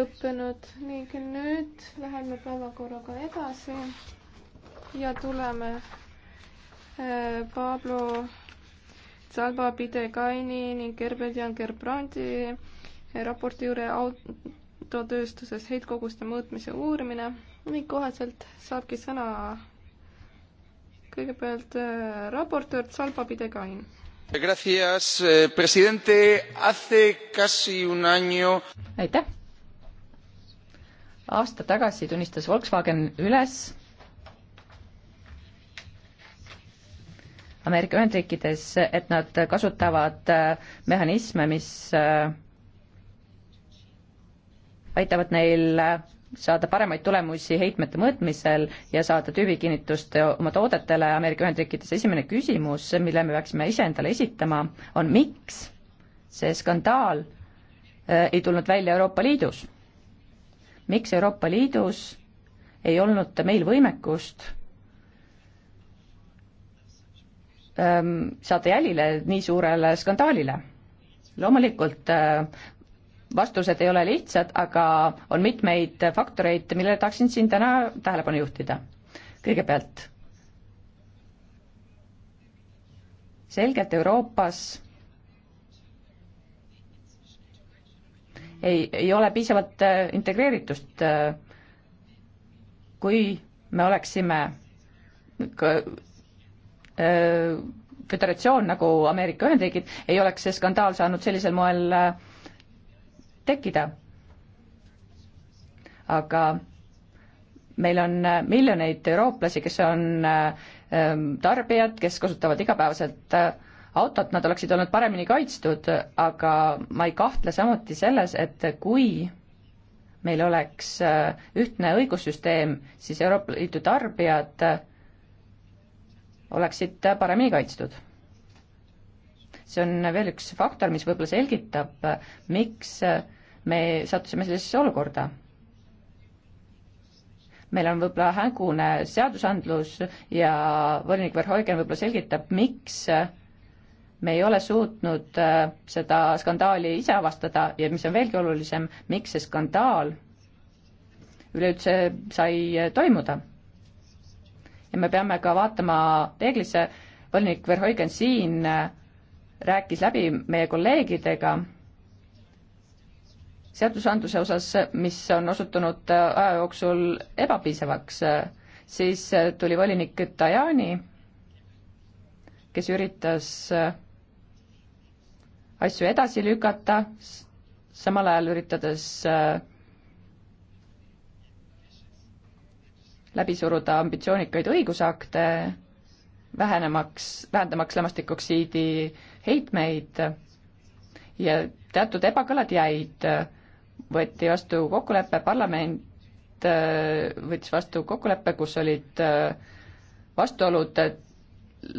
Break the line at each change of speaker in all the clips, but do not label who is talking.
lõppenud ning nüüd läheme päevakorraga edasi ja tuleme äh, Pablo Salva Pidegaini ning Gerberjan Gerbrandi äh, raporti juurde autotööstuses heitkoguste mõõtmise uurimine ning koheselt saabki sõna kõigepealt äh, raportöör Salva Pidegain.
Gracias, eh, presidente. Hace casi un año. aitäh
aasta tagasi tunnistas Volkswagen üles Ameerika Ühendriikides, et nad kasutavad äh, mehhanisme, mis äh, aitavad neil äh, saada paremaid tulemusi heitmete mõõtmisel ja saada tüübikinnitust oma toodetele Ameerika Ühendriikides. esimene küsimus, mille me peaksime iseendale esitama, on miks see skandaal ei tulnud välja Euroopa Liidus miks Euroopa Liidus ei olnud meil võimekust ähm, saada jälile nii suurele skandaalile. loomulikult äh, vastused ei ole lihtsad, aga on mitmeid faktoreid, millele tahaksin siin täna tähelepanu juhtida. kõigepealt, selgelt Euroopas ei, ei ole piisavat äh, integreeritust. Äh, kui me oleksime äh, föderatsioon nagu Ameerika Ühendriigid, ei oleks see skandaal saanud sellisel moel tekkida. aga meil on miljoneid eurooplasi, kes on tarbijad, kes kasutavad igapäevaselt äh, autot, nad oleksid olnud paremini kaitstud, aga ma ei kahtle samuti selles, et kui meil oleks äh, ühtne õigussüsteem, siis Euroopa Liidu tarbijad äh, oleksid paremini kaitstud. see on veel üks faktor, mis võib-olla selgitab, äh, miks me sattusime sellisesse olukorda meil on võib-olla hägune seadusandlus ja volinik Verhoigen võib-olla selgitab, miks äh, me ei ole suutnud äh, seda skandaali ise avastada ja mis on veelgi olulisem, miks see skandaal üleüldse sai äh, toimuda. ja me peame ka vaatama peeglisse, volinik Verhoigen siin äh, rääkis läbi meie kolleegidega seadusandluse osas, mis on osutunud aja jooksul ebapiisavaks, siis tuli volinik Tajani, kes üritas asju edasi lükata, samal ajal üritades äh, läbi suruda ambitsioonikaid õigusakte, vähenemaks, vähendamaks lämmastikoksiidi heitmeid ja teatud ebakõlad jäid, võeti vastu kokkulepe, parlament äh, võttis vastu kokkuleppe, kus olid äh, vastuolud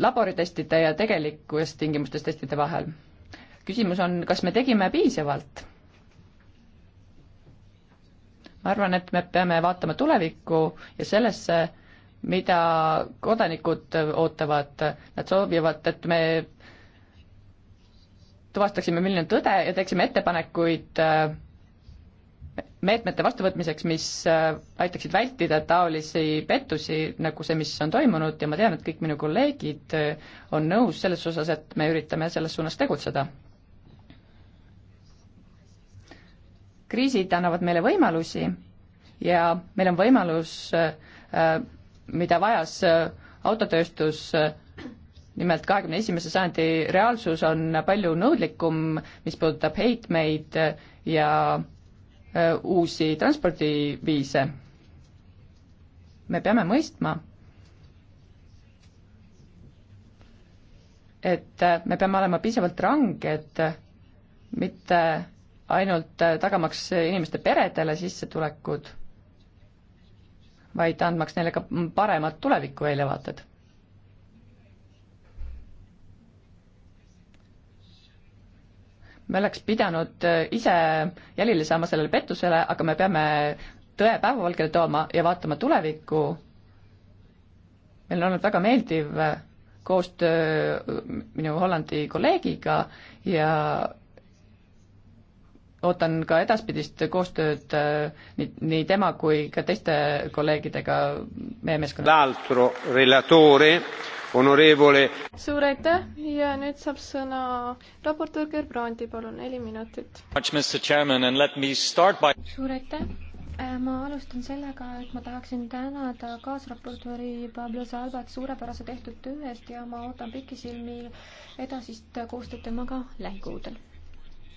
laboritestide ja tegelikkustingimustes testide vahel küsimus on, kas me tegime piisavalt? ma arvan, et me peame vaatama tulevikku ja sellesse, mida kodanikud ootavad, nad soovivad, et me tuvastaksime, milline on tõde ja teeksime ettepanekuid äh, meetmete vastuvõtmiseks, mis äh, aitaksid vältida taolisi pettusi, nagu see, mis on toimunud ja ma tean, et kõik minu kolleegid äh, on nõus selles osas, et me üritame selles suunas tegutseda. kriisid annavad meile võimalusi ja meil on võimalus, äh, mida vajas äh, autotööstus, äh, nimelt kahekümne esimese sajandi reaalsus on palju nõudlikum, mis puudutab heitmeid ja uusi transpordiviise. me peame mõistma, et me peame olema piisavalt ranged, mitte ainult äh, tagamaks inimeste peredele sissetulekud, vaid andmaks neile ka paremad tulevikuväljavaated. me oleks pidanud äh, ise jälile saama sellele pettusele, aga me peame tõe päevavalgele tooma ja vaatama tulevikku. meil on olnud väga meeldiv äh, koostöö minu Hollandi kolleegiga ja ootan ka edaspidist koostööd äh, nii, nii tema kui ka teiste kolleegidega meie meeskonnas. suur aitäh
ja nüüd saab sõna
raportöör Gerbrandi, palun, neli minutit. suur aitäh äh, ma alustan sellega, et ma tahaksin tänada kaasraportööri Pablo Salvat suurepärase tehtud töö eest ja ma ootan pikisilmi edasist koostööd temaga lähikuudel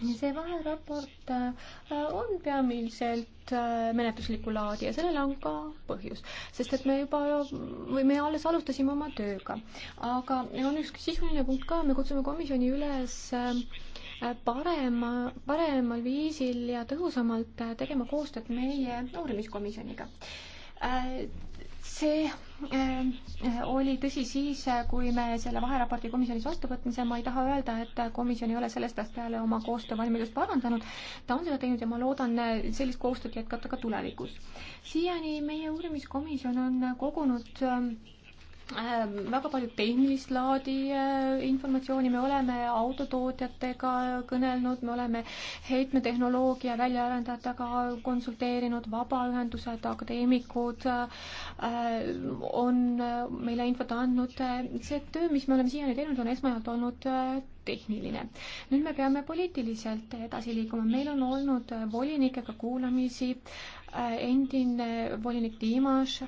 see vaheraport äh, on peamiselt äh, menetluslikku laadi ja sellel on ka põhjus, sest et me juba või me alles alustasime oma tööga, aga on üks sisuline punkt ka, me kutsume komisjoni üles äh, parema, paremal viisil ja tõhusamalt tegema koostööd meie uurimiskomisjoniga see äh, oli tõsi siis, kui me selle vaheraporti komisjonis vastuvõtmise, ma ei taha öelda, et komisjon ei ole sellest ajast peale oma koostöövalmidust parandanud, ta on seda teinud ja ma loodan äh, sellist koostööd jätkata ka tulevikus. siiani meie uurimiskomisjon on kogunud äh, Äh, väga palju tehnilist laadi äh, informatsiooni, me oleme autotootjatega kõnelnud, me oleme heitmetehnoloogia väljaarendajatega konsulteerinud, vabaühendused, akadeemikud äh, on meile infot andnud. see töö, mis me oleme siiani teinud, on esmajalt olnud tehniline. nüüd me peame poliitiliselt edasi liikuma, meil on olnud volinikega kuulamisi, endine volinik Dimas,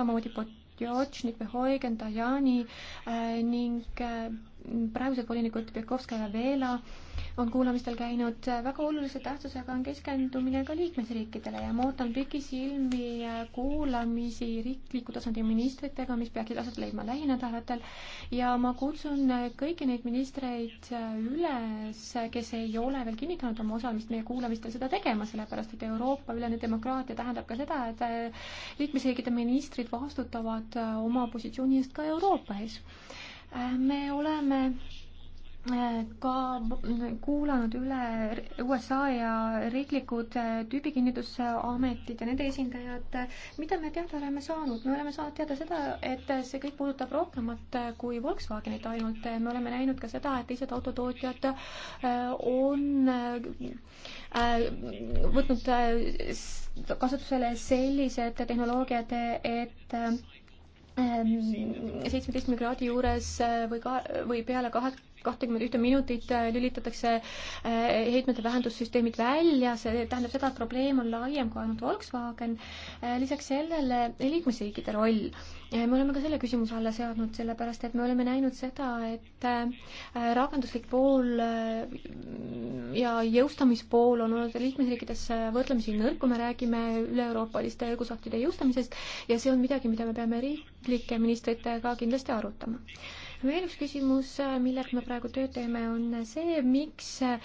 samamoodi pot-, George, Nikbehoigen, Tajani äh, ning äh, praegused volinikud Pjakovska ja Veela on kuulamistel käinud. Äh, väga olulise tähtsusega on keskendumine ka liikmesriikidele ja ma ootan pikisilmi äh, kuulamisi riikliku tasandi ministritega, mis peaksid aset leidma lähinädalatel. ja ma kutsun äh, kõiki neid ministreid üles, kes ei ole veel kinnitanud oma osalemist meie kuulamistel, seda tegema, sellepärast et Euroopa-ülene demokraatia tähendab ka seda, et liikmesriikide ministrid vastutavad oma positsiooni eest ka Euroopa ees. me oleme ka kuulanud üle USA ja riiklikud tüübikinnitusametid ja nende esindajad. mida me teada oleme saanud? me oleme saanud teada seda, et see kõik puudutab rohkemat kui Volkswagenit ainult. me oleme näinud ka seda, et teised autotootjad äh, on äh, võtnud äh, kasutusele sellised tehnoloogiad, et seitsmeteistkümne kraadi juures või ka, või peale kahe kahtekümmet ühte minutit äh, lülitatakse äh, heitmete vähendussüsteemid välja, see tähendab seda, et probleem on laiem kui ainult Volkswagen. Äh, lisaks sellele liikmesriikide roll. me oleme ka selle küsimuse alla seadnud, sellepärast et me oleme näinud seda, et rakenduslik pool ja jõustamispool on olnud liikmesriikides võrdlemisi nõrk, kui me räägime üle-euroopaliste õigusaktide jõustamisest ja see on midagi, mida me peame riiklike ministritega kindlasti arutama veel üks küsimus, äh, millega me praegu tööd teeme, on see, miks äh,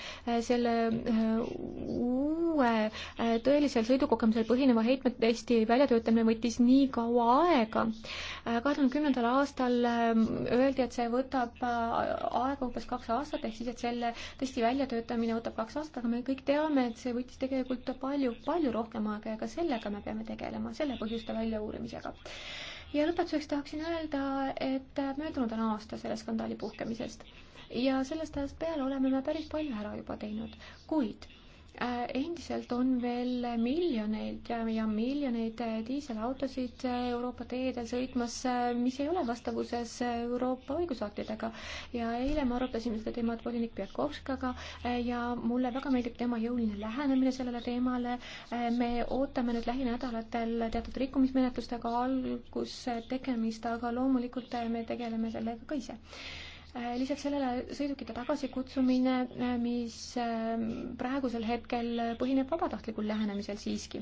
selle äh, uue tõelisel sõidukogemusel põhineva heitmetesti väljatöötamine võttis nii kaua aega. kahe tuhande kümnendal aastal ähm, öeldi, et see võtab aega umbes kaks aastat, ehk siis, et selle testi väljatöötamine võtab kaks aastat, aga me kõik teame, et see võttis tegelikult palju, palju rohkem aega ja ka sellega me peame tegelema, selle põhjuste väljauurimisega ja lõpetuseks tahaksin öelda, et möödunud on aasta selle skandaali puhkemisest ja sellest ajast peale oleme me päris palju ära juba teinud, kuid Äh, endiselt on veel miljoneid ja, ja miljoneid äh, diiselautosid äh, Euroopa teedel sõitmas, mis ei ole vastavuses Euroopa õigusaktidega. ja eile me arutasime seda teemat volinik Pjakovskaga ja mulle väga meeldib tema jõuline lähenemine sellele teemale. me ootame nüüd lähinädalatel teatud rikkumismenetlustega algustegemist, aga loomulikult me tegeleme sellega ka ise Äh, lisaks sellele sõidukite tagasikutsumine, äh, mis äh, praegusel hetkel põhineb vabatahtlikul lähenemisel siiski.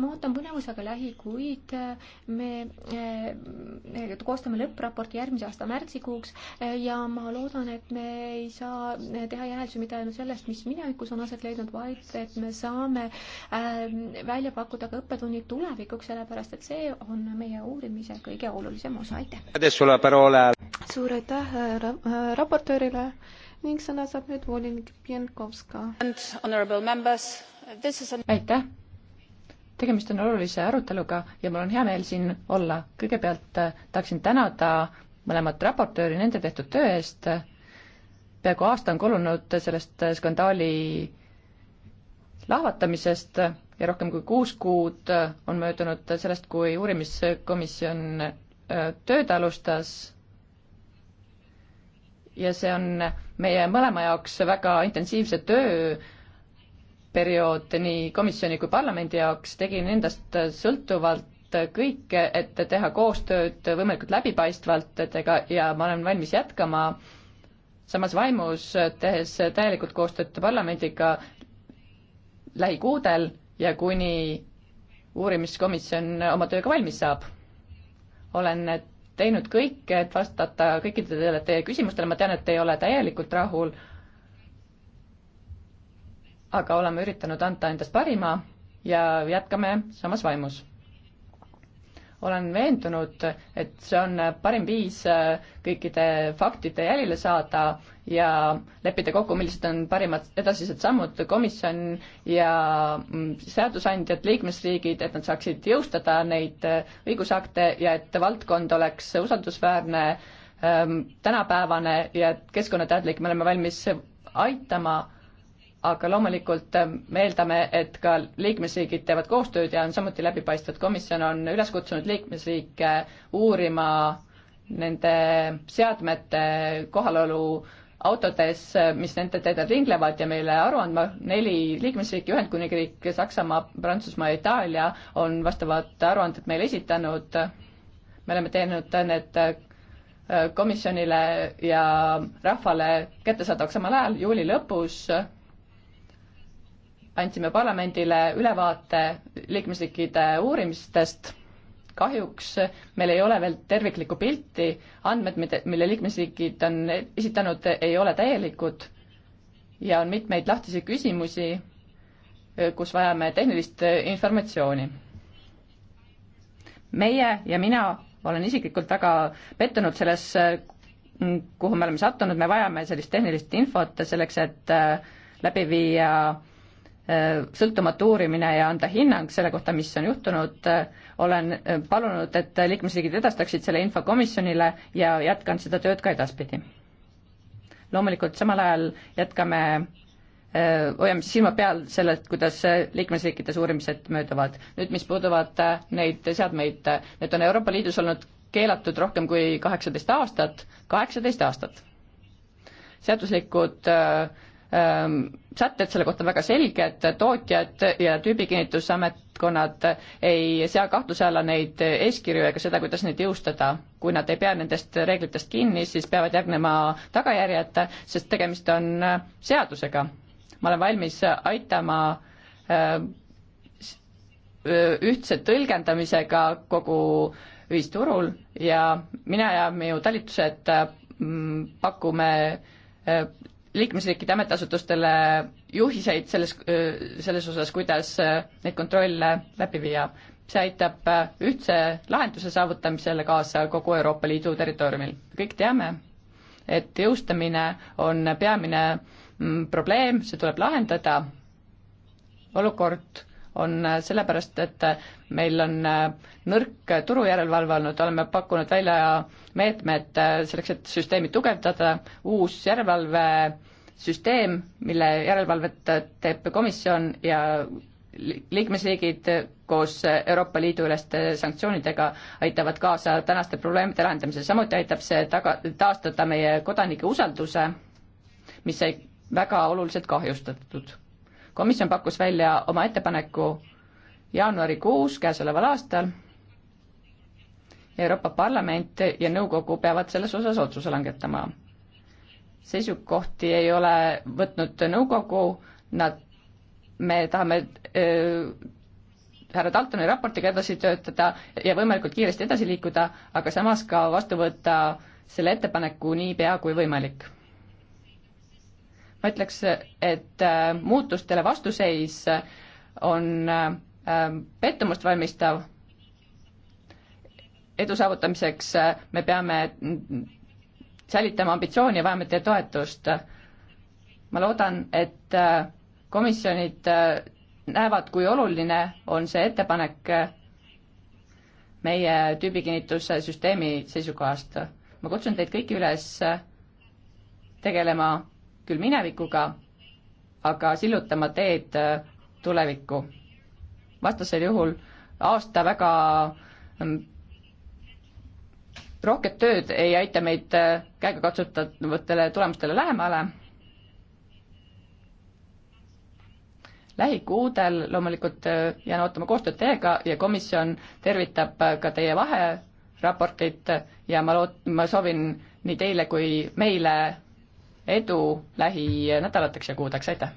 ma ootan põnevusega lähikuid, me koostame lõppraporti järgmise aasta märtsikuuks ja ma loodan, et me ei saa teha järeldusi mitte ainult sellest, mis minevikus on aset leidnud, vaid et me saame välja pakkuda ka õppetunnid tulevikuks, sellepärast et see on meie uurimise kõige olulisem osa, aitäh! suur aitäh, härra raportöörile ning sõna saab nüüd
volinik Pienkovska.
aitäh! tegemist on olulise aruteluga ja mul on hea meel siin olla. kõigepealt äh, tahaksin tänada mõlemat raportööri nende tehtud töö eest, peaaegu aasta on kulunud sellest äh, skandaali lahvatamisest ja rohkem kui kuus kuud äh, on möödunud sellest, kui uurimiskomisjon tööd alustas ja see on meie mõlema jaoks väga intensiivse töö periood nii komisjoni kui parlamendi jaoks, tegin endast sõltuvalt kõike, et teha koostööd võimalikult läbipaistvalt tega ja ma olen valmis jätkama samas vaimus, tehes täielikult koostööd parlamendiga lähikuudel ja kuni uurimiskomisjon oma tööga valmis saab. olen teinud kõike, et vastata kõikidele teie küsimustele, ma tean, et te ei ole täielikult rahul, aga oleme üritanud anda endast parima ja jätkame samas vaimus olen veendunud, et see on parim viis äh, kõikide faktide jälile saada ja leppida kokku, millised on parimad edasised sammud, komisjon ja mm, seadusandjad, liikmesriigid, et nad saaksid jõustada neid äh, õigusakte ja et valdkond oleks usaldusväärne, ähm, tänapäevane ja keskkonnateadlik, me oleme valmis aitama aga loomulikult äh, me eeldame, et ka liikmesriigid teevad koostööd ja on samuti läbipaistvad. komisjon on üles kutsunud liikmesriike uurima nende seadmete kohalolu autodes, mis nende teedel ringlevad ja meile aru andma, neli liikmesriiki, Ühendkuningriik, Saksamaa, Prantsusmaa ja Itaalia on vastavad aruanded meile esitanud. me oleme teinud need äh, komisjonile ja rahvale kättesaadavaks samal ajal juuli lõpus andsime parlamendile ülevaate liikmesriikide uurimistest. kahjuks meil ei ole veel terviklikku pilti, andmed, mille liikmesriigid on esitanud, ei ole täielikud ja on mitmeid lahtisi küsimusi, kus vajame tehnilist informatsiooni. meie ja mina olen isiklikult väga pettunud selles, kuhu me oleme sattunud, me vajame sellist tehnilist infot selleks, et äh, läbi viia äh, sõltumatu uurimine ja anda hinnang selle kohta, mis on juhtunud, olen äh, palunud, et liikmesriigid edastaksid selle info komisjonile ja jätkan seda tööd ka edaspidi. loomulikult samal ajal jätkame, äh, hoiame silma peal sellelt, kuidas äh, liikmesriikides uurimised mööduvad. nüüd, mis puuduvad neid seadmeid, need on Euroopa Liidus olnud keelatud rohkem kui kaheksateist aastat, kaheksateist aastat. seaduslikud äh, Ehm, sätted selle kohta väga selged, tootjad ja tüübikinnitusametkonnad ei sea kahtluse alla neid eeskirju ega seda, kuidas neid jõustada. kui nad ei pea nendest reeglitest kinni, siis peavad järgnema tagajärjed, sest tegemist on äh, seadusega. ma olen valmis aitama äh, äh, ühtse tõlgendamisega kogu ühisturul ja mina ja minu talitused pakume liikmesriikide ametiasutustele juhiseid selles, selles osas, kuidas neid kontrolle läbi viia. see aitab ühtse lahenduse saavutamisele kaasa kogu Euroopa Liidu territooriumil. kõik teame, et jõustamine on peamine mm, probleem, see tuleb lahendada, olukord on äh, sellepärast, et äh, meil on äh, nõrk turujärelevalve olnud, oleme pakkunud välja meetmed selleks, et süsteemi tugevdada, uus järelevalvesüsteem, mille järelevalvet teeb komisjon ja liikmesriigid koos Euroopa Liidu üleste sanktsioonidega aitavad kaasa tänaste probleemide lahendamisele, samuti aitab see taga, taastada meie kodanike usalduse, mis sai väga oluliselt kahjustatud komisjon pakkus välja oma ettepaneku jaanuarikuus käesoleval aastal. Euroopa Parlament ja nõukogu peavad selles osas otsuse langetama. seisukohti ei ole võtnud nõukogu, nad, me tahame öö, härra Daltoni raportiga edasi töötada ja võimalikult kiiresti edasi liikuda, aga samas ka vastu võtta selle ettepaneku niipea kui võimalik ma ütleks, et äh, muutustele vastuseis on äh, pettumust valmistav. edu saavutamiseks äh, me peame säilitama ambitsiooni ja vajame teie toetust. ma loodan, et komisjonid näevad, kui oluline on see ettepanek meie tüübikinnituse süsteemi seisukohast. ma kutsun teid kõiki üles tegelema küll minevikuga, aga sillutama teed äh, tulevikku. vastasel juhul aasta väga ähm, rohket tööd ei aita meid äh, käegakatsutavatele tulemustele lähemale. lähikuudel loomulikult äh, jään ootama koostööd teiega ja komisjon tervitab ka teie vaheraportit ja ma loot-, ma soovin nii teile kui meile edu lähinädalateks
ja kuudeks, aitäh!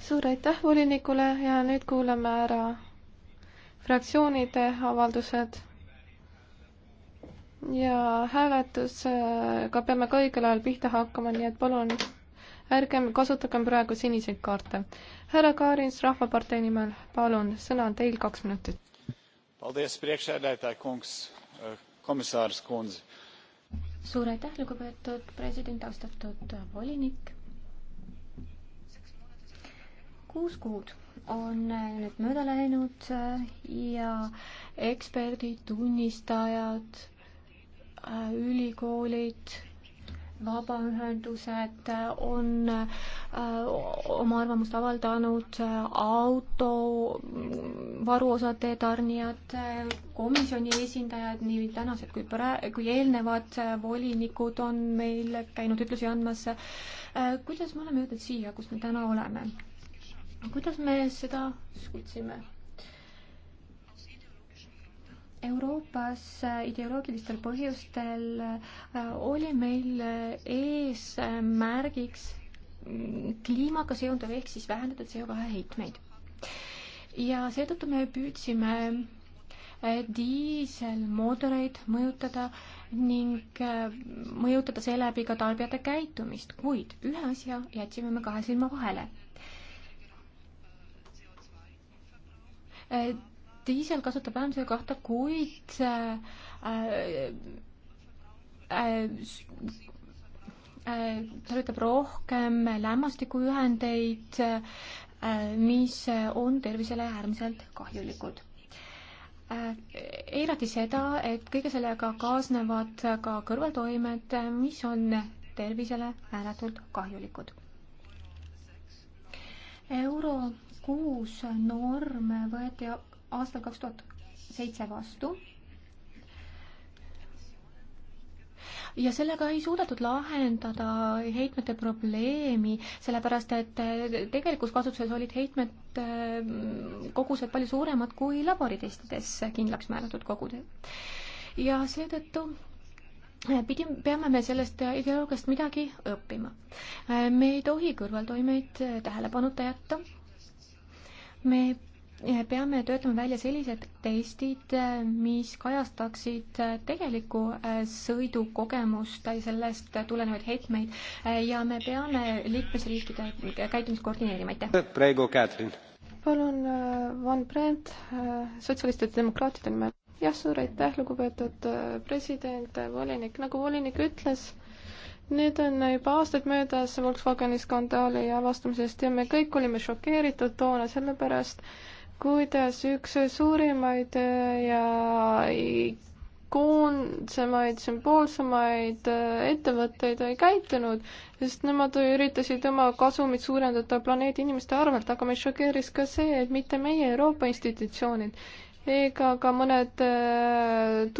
suur aitäh
volinikule ja nüüd kuulame ära fraktsioonide avaldused ja hääletusega peame ka õigel ajal pihta hakkama, nii et palun ärgem kasutagem praegu siniseid kaarte. härra Kaarins Rahvapartei nimel, palun,
sõna on teil kaks minutit suur aitäh, lugupeetud president, austatud volinik. kuus kuud on nüüd mööda läinud ja eksperdid, tunnistajad, ülikoolid vabaühendused on äh, oma arvamust avaldanud, äh, auto mm, varuosade tarnijad, äh, komisjoni esindajad, nii tänased kui pra-, kui eelnevad volinikud on meil käinud ütlusi andmas. kuidas me oleme jõudnud siia, kus me täna oleme? kuidas me seda suutsime? Euroopas äh, ideoloogilistel põhjustel äh, oli meil äh, eesmärgiks mm, kliimaga seonduv ehk siis vähendada CO2 heitmeid. ja seetõttu me püüdsime diiselmootoreid mõjutada ning mõjutada seeläbi ka tarbijate käitumist, kuid ühe asja jätsime me kahe silma vahele diisel kasutab vähem CO2, kuid äh äh, äh, äh, tarvitab rohkem lämmastikuühendeid, äh, mis on tervisele äärmiselt kahjulikud. eirati seda, et kõige sellega kaasnevad ka kõrvaltoimed, mis on tervisele ääretult kahjulikud. euro kuus norm võeti aastal kaks tuhat seitse vastu. ja sellega ei suudetud lahendada heitmete probleemi, sellepärast et tegelikus kasutuses olid heitmed mm, kogused palju suuremad kui laboritestides kindlaks määratud kogud. ja seetõttu pidi, peame me sellest ideoloogiast midagi õppima. me ei tohi kõrvaltoimeid tähelepanuta jätta. me peame töötama välja sellised testid, mis kajastaksid tegelikku äh, sõidukogemust, sellest tulenevaid heitmeid äh, ja me peame liikmesriikide käitumist koordineerima,
aitäh.
praegu Katrin.
palun, äh, Van
Brent, sotsialistide demokraatide nimel. jah, suur aitäh, lugupeetud president, volinik, nagu volinik ütles nüüd on juba aastaid möödas Volkswageni skandaali avastamisest ja me kõik olime šokeeritud toona sellepärast, kuidas üks suurimaid äh, ja ikoonsemaid, sümboolsemaid äh, ettevõtteid ei käitunud, sest nemad üritasid oma kasumit suurendada planeedi inimeste arvelt, aga meid šokeeris ka see, et mitte meie Euroopa institutsioonid ega ka mõned äh,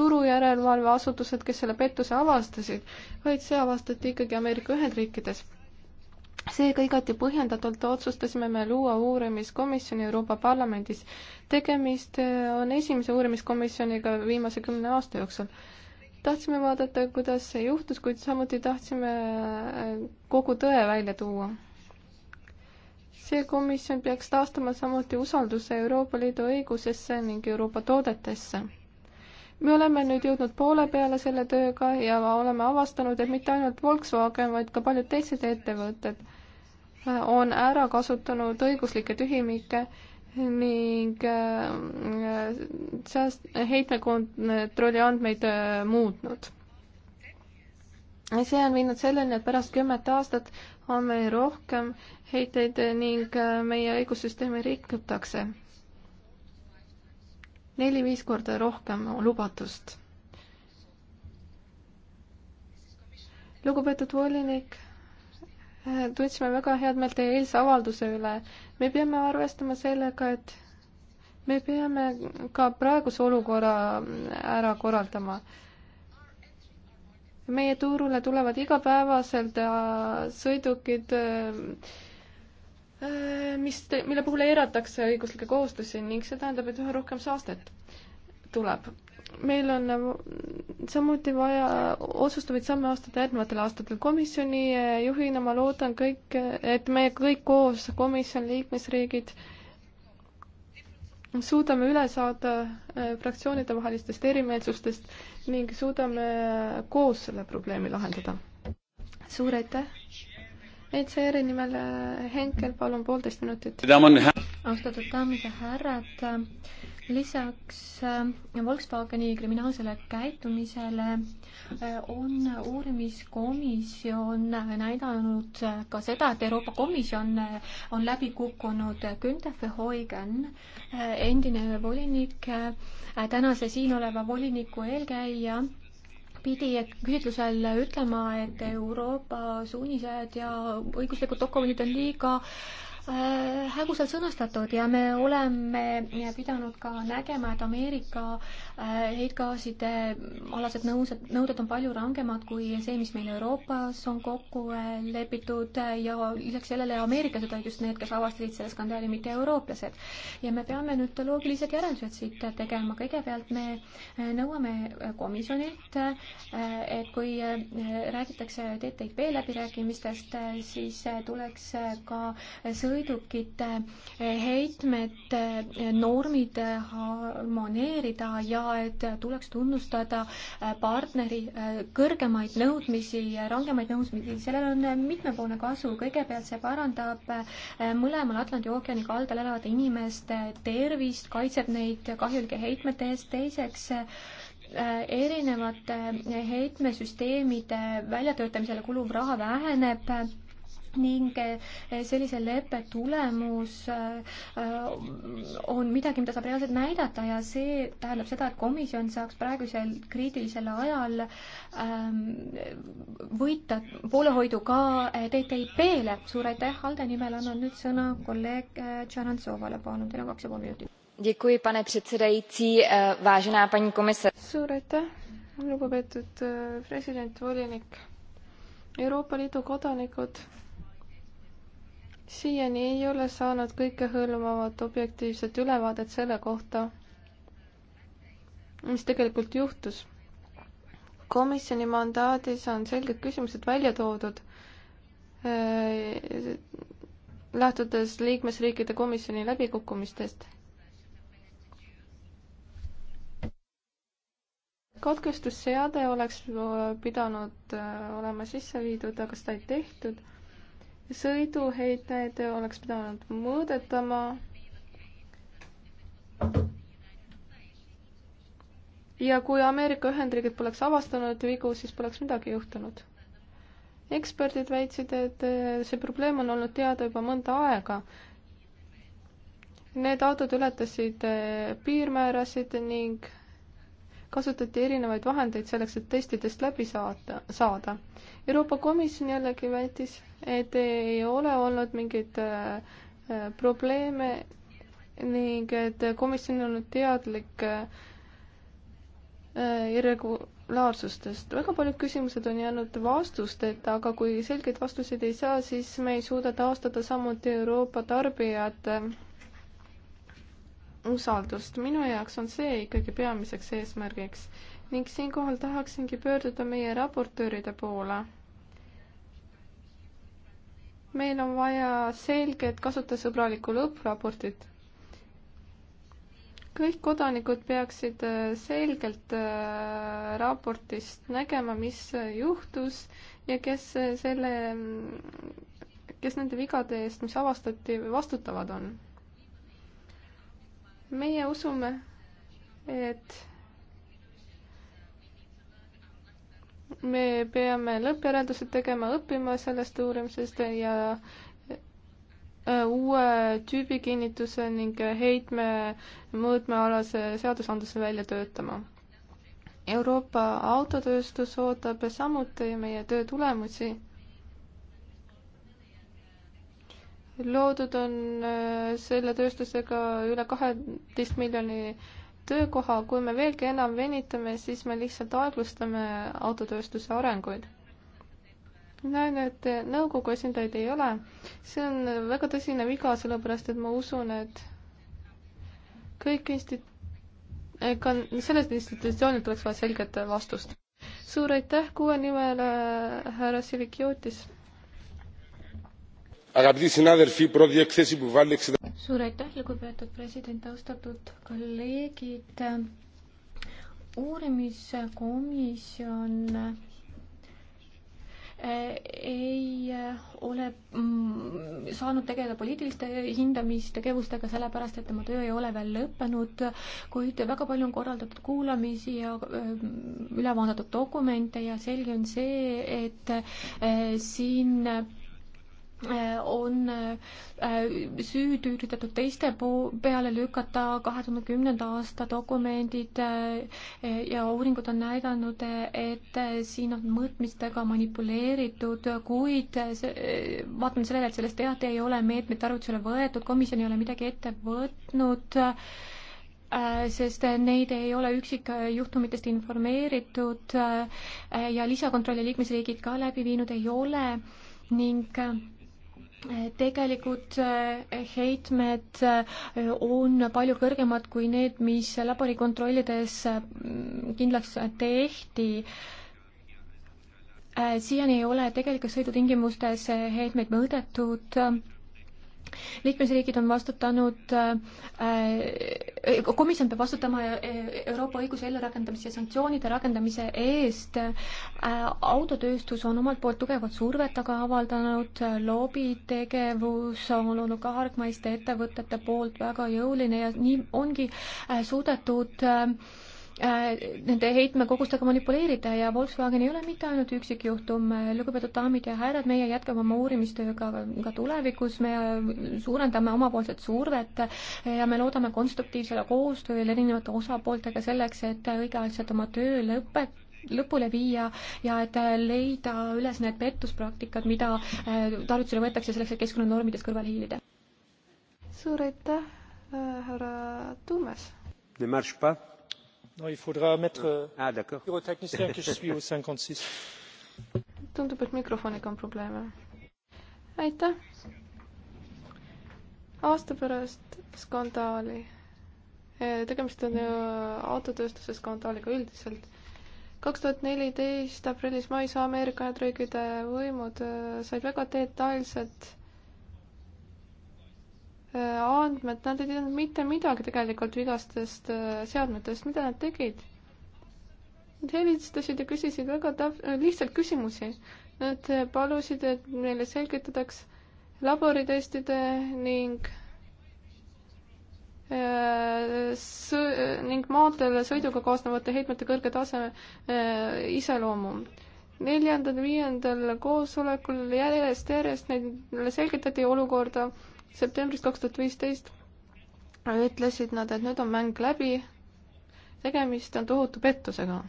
turujärelevalveasutused, kes selle pettuse avastasid, vaid see avastati ikkagi Ameerika Ühendriikides seega igati põhjendatult otsustasime me luua uurimiskomisjoni Euroopa Parlamendis. tegemist äh, on esimese uurimiskomisjoniga viimase kümne aasta jooksul. tahtsime vaadata, kuidas see juhtus, kuid samuti tahtsime äh, kogu tõe välja tuua. see komisjon peaks taastama samuti usalduse Euroopa Liidu õigusesse ning Euroopa toodetesse me oleme nüüd jõudnud poole peale selle tööga ja oleme avastanud, et mitte ainult Volkswagen, vaid ka paljud teised ettevõtted äh, on ära kasutanud õiguslikke tühimikke ning äh, sääst-, heitmekontrolli andmeid äh, muutnud. see on viinud selleni, et pärast kümmet aastat on meil rohkem heiteid ning meie õigussüsteemi rikutakse neli-viis korda rohkem lubatust. lugupeetud volinik, tundsime väga head meelt teie eilse avalduse üle. me peame arvestama sellega, et me peame ka praeguse olukorra ära korraldama. meie turule tulevad igapäevaselt äh, sõidukid äh, Äh, mis, mille puhul eiratakse õiguslikke kohustusi ning see tähendab, et üha rohkem saastet tuleb. meil on äh, samuti vaja otsustavaid samme astuda järgnevatel aastatel. komisjoni äh, juhina ma loodan kõik, et me kõik koos, komisjon, liikmesriigid, suudame üle saada fraktsioonidevahelistest erimeelsustest ning suudame koos selle probleemi lahendada. suur aitäh! ECR-i
nimel äh, Henkel, palun poolteist minutit. austatud daamid ja härrad, lisaks äh, Volkswageni kriminaalsele käitumisele äh, on uurimiskomisjon näidanud ka seda, et Euroopa Komisjon on läbi kukkunud. Günther Verheugen, endine volinik, tänase siin oleva voliniku eelkäija pidi küsitlusel ütlema, et Euroopa suunised ja õiguslikud dokumendid on liiga äh, Äh, häguselt sõnastatud ja me oleme pidanud ka nägema, et Ameerika äh, heitgaaside alased nõused, nõuded on palju rangemad kui see, mis meil Euroopas on kokku äh, lepitud ja lisaks sellele ameeriklased olid just need, kes avastasid selle skandaali, mitte eurooplased. ja me peame nüüd loogilised järeldused siit tegema, kõigepealt me nõuame komisjonilt, et kui räägitakse TTIP läbirääkimistest, siis tuleks ka sõi-, sõidukite eh, heitmete eh, normid eh, harmoneerida ja et tuleks tunnustada partneri kõrgemaid nõudmisi, rangemaid nõudmisi, sellel on mitmepoolne kasu, kõigepealt see parandab mõlemal Atlandi ookeani kaldal elavate inimeste tervist, kaitseb neid kahjulike heitmete eest, teiseks erinevate heitmesüsteemide väljatöötamisele kuluv raha väheneb ning eh, sellise leppe tulemus eh, on midagi, mida saab reaalselt näidata ja see tähendab seda, et komisjon saaks praegusel kriitilisel ajal ehm, võita poolehoidu ka eh, TTIP-le. suur aitäh, Alde nimel annan nüüd sõna kolleeg Tšanantsovale, palun, teil on kaks ja pool minutit. Děkuji, pane předsedající, vážená paní komisar. suur aitäh, lugupeetud
president, volinik. Euroopa Liidu kodanikud siiani ei ole saanud kõikehõlmavat objektiivset ülevaadet selle kohta, mis tegelikult juhtus. komisjoni mandaadis on selged küsimused välja toodud, eh, lähtudes liikmesriikide komisjoni läbikukkumistest. katkestusseade oleks pidanud eh, olema sisse viidud, aga seda ei tehtud sõiduheitmeid oleks pidanud mõõdetama. ja kui Ameerika Ühendriigid poleks avastanud vigu, siis poleks midagi juhtunud. eksperdid väitsid, et see probleem on olnud teada juba mõnda aega. Need autod ületasid piirmäärasid ning kasutati erinevaid vahendeid selleks, et testidest läbi saada, saada. Euroopa Komisjon jällegi väitis, et ei ole olnud mingeid äh, probleeme ning et komisjon on olnud teadlik äh, irregulaarsustest. väga paljud küsimused on jäänud vastusteta, aga kui selgeid vastuseid ei saa, siis me ei suuda taastada samuti Euroopa tarbijate äh, usaldust. minu jaoks on see ikkagi peamiseks eesmärgiks ning siinkohal tahaksingi pöörduda meie raportööride poole meil on vaja selget kasutajasõbralikku lõppraportit. kõik kodanikud peaksid äh, selgelt äh, raportist nägema, mis äh, juhtus ja kes selle, mm, kes nende vigade eest, mis avastati, vastutavad on meie usume, et me peame lõppjäreldused tegema, õppima sellest uurimisest ja äh, uue tüübikinnituse ning heitme mõõtmealase seadusandluse välja töötama. Euroopa autotööstus ootab samuti meie töö tulemusi. loodud on äh, selle tööstusega üle kaheteist miljoni töökoha, kui me veelgi enam venitame, siis me lihtsalt aeglustame autotööstuse arenguid. näen, et nõukogu esindajaid ei ole. see on väga tõsine viga, sellepärast et ma usun, et kõik instit-, eh, ka sellelt institutsioonilt oleks vaja selget vastust. suur aitäh kuue nimel, äh, härra Silikiotis
Αγαπητοί συνάδελφοι, πρώτη έκθεση που βάλει 60...
Suur aitäh, lugupeetud president, austatud kolleegid. uurimiskomisjon äh, ei äh, ole mm, saanud tegeleda poliitiliste hindamistegevustega, sellepärast et tema töö ei ole veel lõppenud, kuid väga palju on korraldatud kuulamisi ja äh, üle vaadatud dokumente ja selge on see, et siin Äh, on äh, süüd üritatud teiste peale lükata, kahe tuhande kümnenda aasta dokumendid äh, ja uuringud on näidanud, et siin on mõõtmistega manipuleeritud, kuid see, vaatame sellele, et sellest teati, ei ole meetmeid tarvitusele võetud, komisjon ei ole midagi ette võtnud sest neid ei ole üksikjuhtumitest informeeritud ja lisakontrolli liikmesriigid ka läbi viinud ei ole ning tegelikud eh, heitmed eh, on palju kõrgemad kui need, mis laborikontrollides mm, kindlaks tehti. Eh, siiani ei ole tegelikes sõidutingimustes heitmeid mõõdetud liikmesriigid on vastutanud äh,, äh komisjon peab vastutama äh, Euroopa õiguse ellurakendamise ja sanktsioonide rakendamise eest äh,. autotööstus on omalt poolt tugevat survet aga avaldanud, lobitegevus on olnud ka hargmaiste ettevõtete poolt väga jõuline ja nii ongi äh, suudetud äh, Äh, nende heitmekogustega manipuleerida ja Volkswagen ei ole mitte ainult üksikjuhtum, lugupeetud daamid ja härrad, meie jätkame oma uurimistööga ka tulevikus, me äh, suurendame omapoolset survet äh, ja me loodame konstruktiivsele koostööle erinevate osapooltega selleks, et õigeaegselt oma töö lõpet-, lõpule viia ja et leida üles need pettuspraktikad, mida tarvitusele võetakse selleks, et keskkonnanormidest kõrvale hiilida.
suur aitäh, härra Tuumes!
Ne marche pas il faudra mettre ah, euh, ah pyrotehnicien que je suis au 56.
tundub, et mikrofoniga on probleeme. aitäh. aasta pärast skandaali. Eh, tegemist on ju äh, autotööstuse skandaaliga üldiselt. kaks tuhat neliteist aprillis-mais Ameerika Ühendriikide võimud äh, said väga detailselt Äh, andmed, nad ei teadnud mitte midagi tegelikult vigastest äh, seadmetest, mida nad tegid. Nad helistasid ja küsisid väga täp-, äh, lihtsalt küsimusi. Nad palusid, et neile selgitataks laboritestide ning sõ-, ning maanteele sõiduga kaasnevate heitmete kõrge taseme äh, iseloomu. neljandal, viiendal koosolekul järjest, järjest neile selgitati olukorda äh, septembris kaks tuhat viisteist ütlesid nad, et nüüd on mäng läbi, tegemist on tohutu pettusega.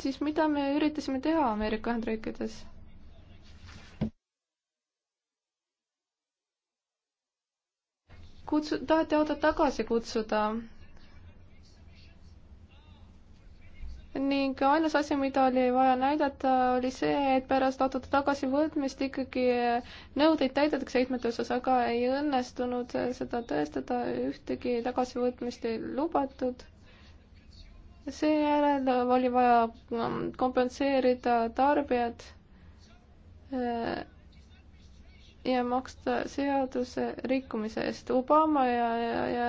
siis mida me üritasime teha Ameerika Ühendriikides? kutsu-, taheti autot tagasi kutsuda ning ainus asi, mida oli vaja näidata, oli see, et pärast autode tagasivõtmist ikkagi nõudeid täidetakse heitmete osas, aga ei õnnestunud seda tõestada, ühtegi tagasivõtmist ei lubatud. seejärel oli vaja mm, kompenseerida tarbijad äh, ja maksta seaduse rikkumise eest. Obama ja, ja, ja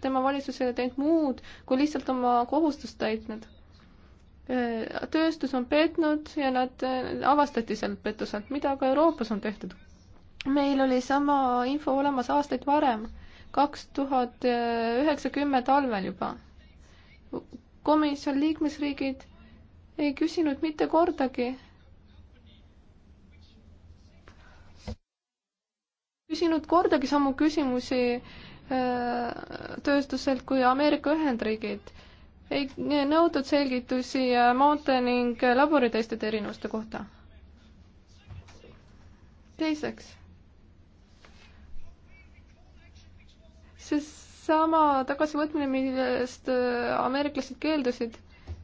tema valitsus ei ole teinud muud, kui lihtsalt oma kohustust täitnud Äh, tööstus on petnud ja nad äh, avastati sealt pettuselt, mida ka Euroopas on tehtud. meil oli sama info olemas aastaid varem, kaks tuhat üheksa, kümme talvel juba. komisjon liikmesriigid ei küsinud mitte kordagi. küsinud kordagi samu küsimusi äh, tööstuselt kui Ameerika Ühendriigid ei nõutud selgitusi maantee ning laboritestide erinevuste kohta. teiseks, seesama tagasivõtmine, millest äh, ameeriklased keeldusid,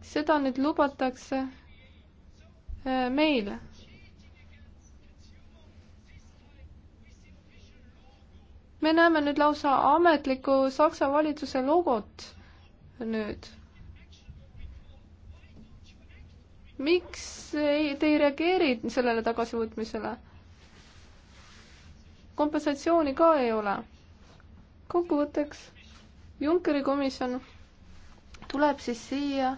seda nüüd lubatakse äh, meile me näeme nüüd lausa ametliku Saksa valitsuse logot nüüd. miks ei, te ei reageeri sellele tagasivõtmisele? kompensatsiooni ka ei ole. kokkuvõtteks, Junckeri komisjon tuleb siis siia,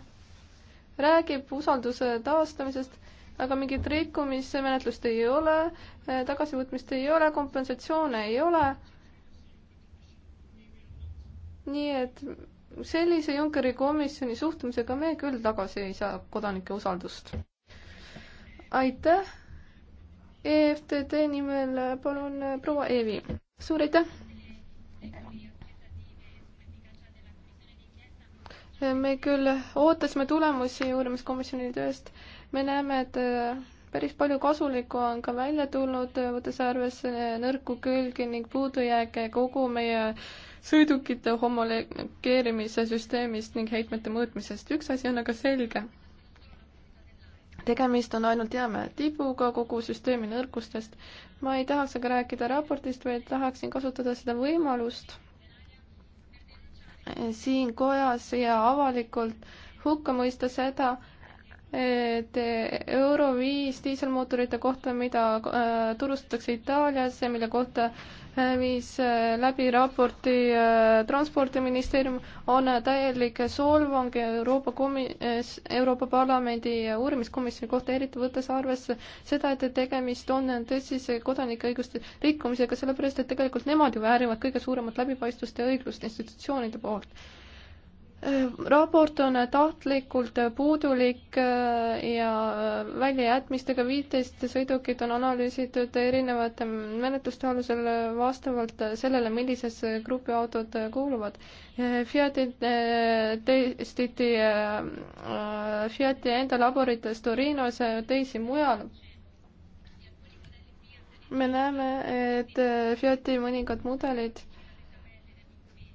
räägib usalduse taastamisest, aga mingit rikkumismenetlust ei ole, tagasivõtmist ei ole, kompensatsioone ei ole. nii et sellise Junckeri komisjoni suhtumisega me küll tagasi ei saa kodanike usaldust. aitäh. EFTT nimel palun proua Eevi. suur aitäh. me küll ootasime tulemusi uurimiskomisjoni tööst. me näeme, et päris palju kasulikku on ka välja tulnud, võttes arvesse nõrku külgi ning puudujääke kogu meie äh, sõidukite homologeerimise süsteemist ning heitmete mõõtmisest. üks asi on aga selge. tegemist on ainult jäämäe tibuga kogu süsteemi nõrkustest. ma ei tahaks aga rääkida raportist, vaid tahaksin kasutada seda võimalust siin kojas ja avalikult hukka mõista seda, et Euro viis diiselmootorite kohta, mida äh, turustatakse Itaalias ja mille kohta äh, viis äh, läbi raporti äh, Transpordiministeerium, on täielik solvang Euroopa komi-, Euroopa Parlamendi uurimiskomisjoni kohta, eriti võttes arvesse seda, et tegemist on tõsise kodanikeõiguste rikkumisega, sellepärast et tegelikult nemad ju väärivad kõige suuremat läbipaistvust ja õiglust institutsioonide poolt raport on tahtlikult puudulik äh, ja äh, väljajätmistega viiteist sõidukit on analüüsitud erinevate menetluste alusel vastavalt sellele, millisesse gruppi autod kuuluvad. Fiati äh, testiti Fiati enda laborites Torinos ja teisi mujal. me näeme, et Fiati mõningad mudelid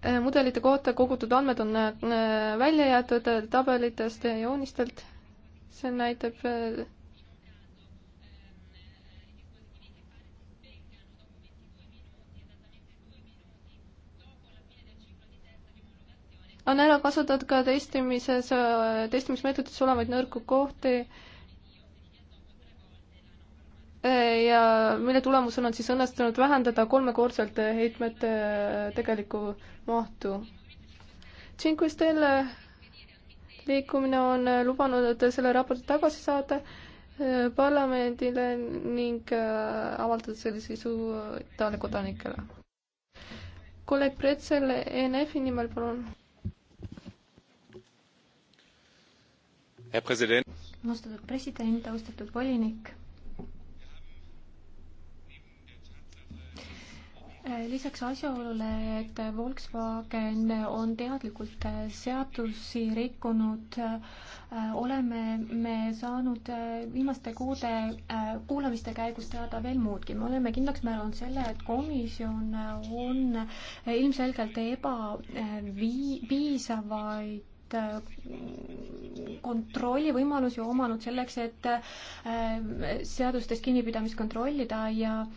Äh, mudelite kohta kogutud andmed on äh, välja jäetud äh, tabelitest ja joonistelt. see näitab on ära kasutatud ka testimises, testimismeetodites olevaid nõrku kohti ja mille tulemusel on siis õnnestunud vähendada kolmekordselt heitmete äh, tegelikku mahtu. Cinque Stelle äh, liikumine on äh, lubanud selle raporti tagasi saada parlamendile ning avaldada selle sisu Itaalia kodanikele. kolleeg Pretzel ENF-i nimel, palun.
austatud
president, austatud volinik lisaks asjaolule, et Volkswagen on teadlikult seadusi rikkunud, äh, oleme me saanud äh, viimaste kuude äh, kuulamiste käigus teada veel muudki. me oleme kindlaks määranud selle, et komisjon on ilmselgelt ebapiisavaid kontrollivõimalusi omanud selleks, et seadustest kinnipidamist kontrollida ja äh,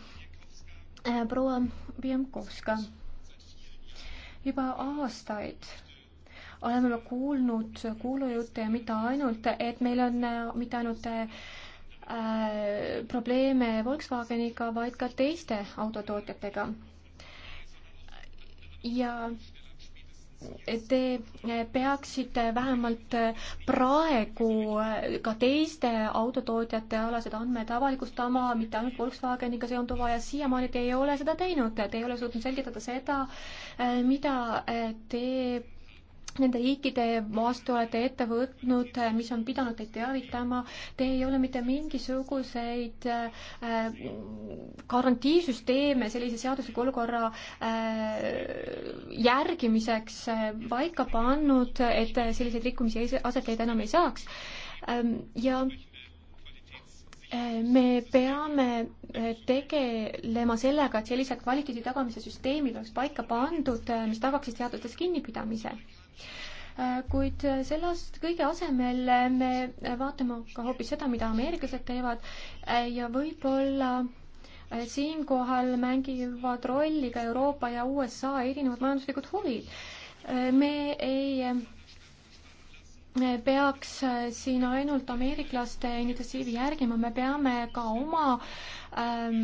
Äh, proua Piemkovska. juba aastaid oleme me kuulnud kuulujutte ja mitte ainult, et meil on äh, mitte ainult äh, probleeme Volkswageniga, vaid ka teiste autotootjatega. ja te peaksite vähemalt praegu ka teiste autotootjate alased andmed avalikustama, mitte ainult Volkswageniga seonduva ja siiamaani te ei ole seda teinud, te ei ole suutnud selgitada seda, eh, mida eh, teeb nende riikide vastu olete ette võtnud, eh, mis on pidanud teid teavitama. Te ei ole mitte mingisuguseid äh, garantiisüsteeme sellise seadusliku olukorra äh, järgimiseks äh, paika pannud, et selliseid rikkumisi aset leida enam ei saaks ähm,. ja me peame tegelema sellega, et sellised kvaliteedi tagamise süsteemid oleks paika pandud, mis tagaksid seadustes kinnipidamise. Äh, kuid äh, sellest kõige asemel äh, me vaatame ka hoopis seda, mida ameeriklased teevad ja võib-olla siinkohal mängivad rolli ka Euroopa ja USA erinevad majanduslikud huvid. me ei me peaks siin ainult ameeriklaste initsiatiivi järgima, me peame ka oma ähm,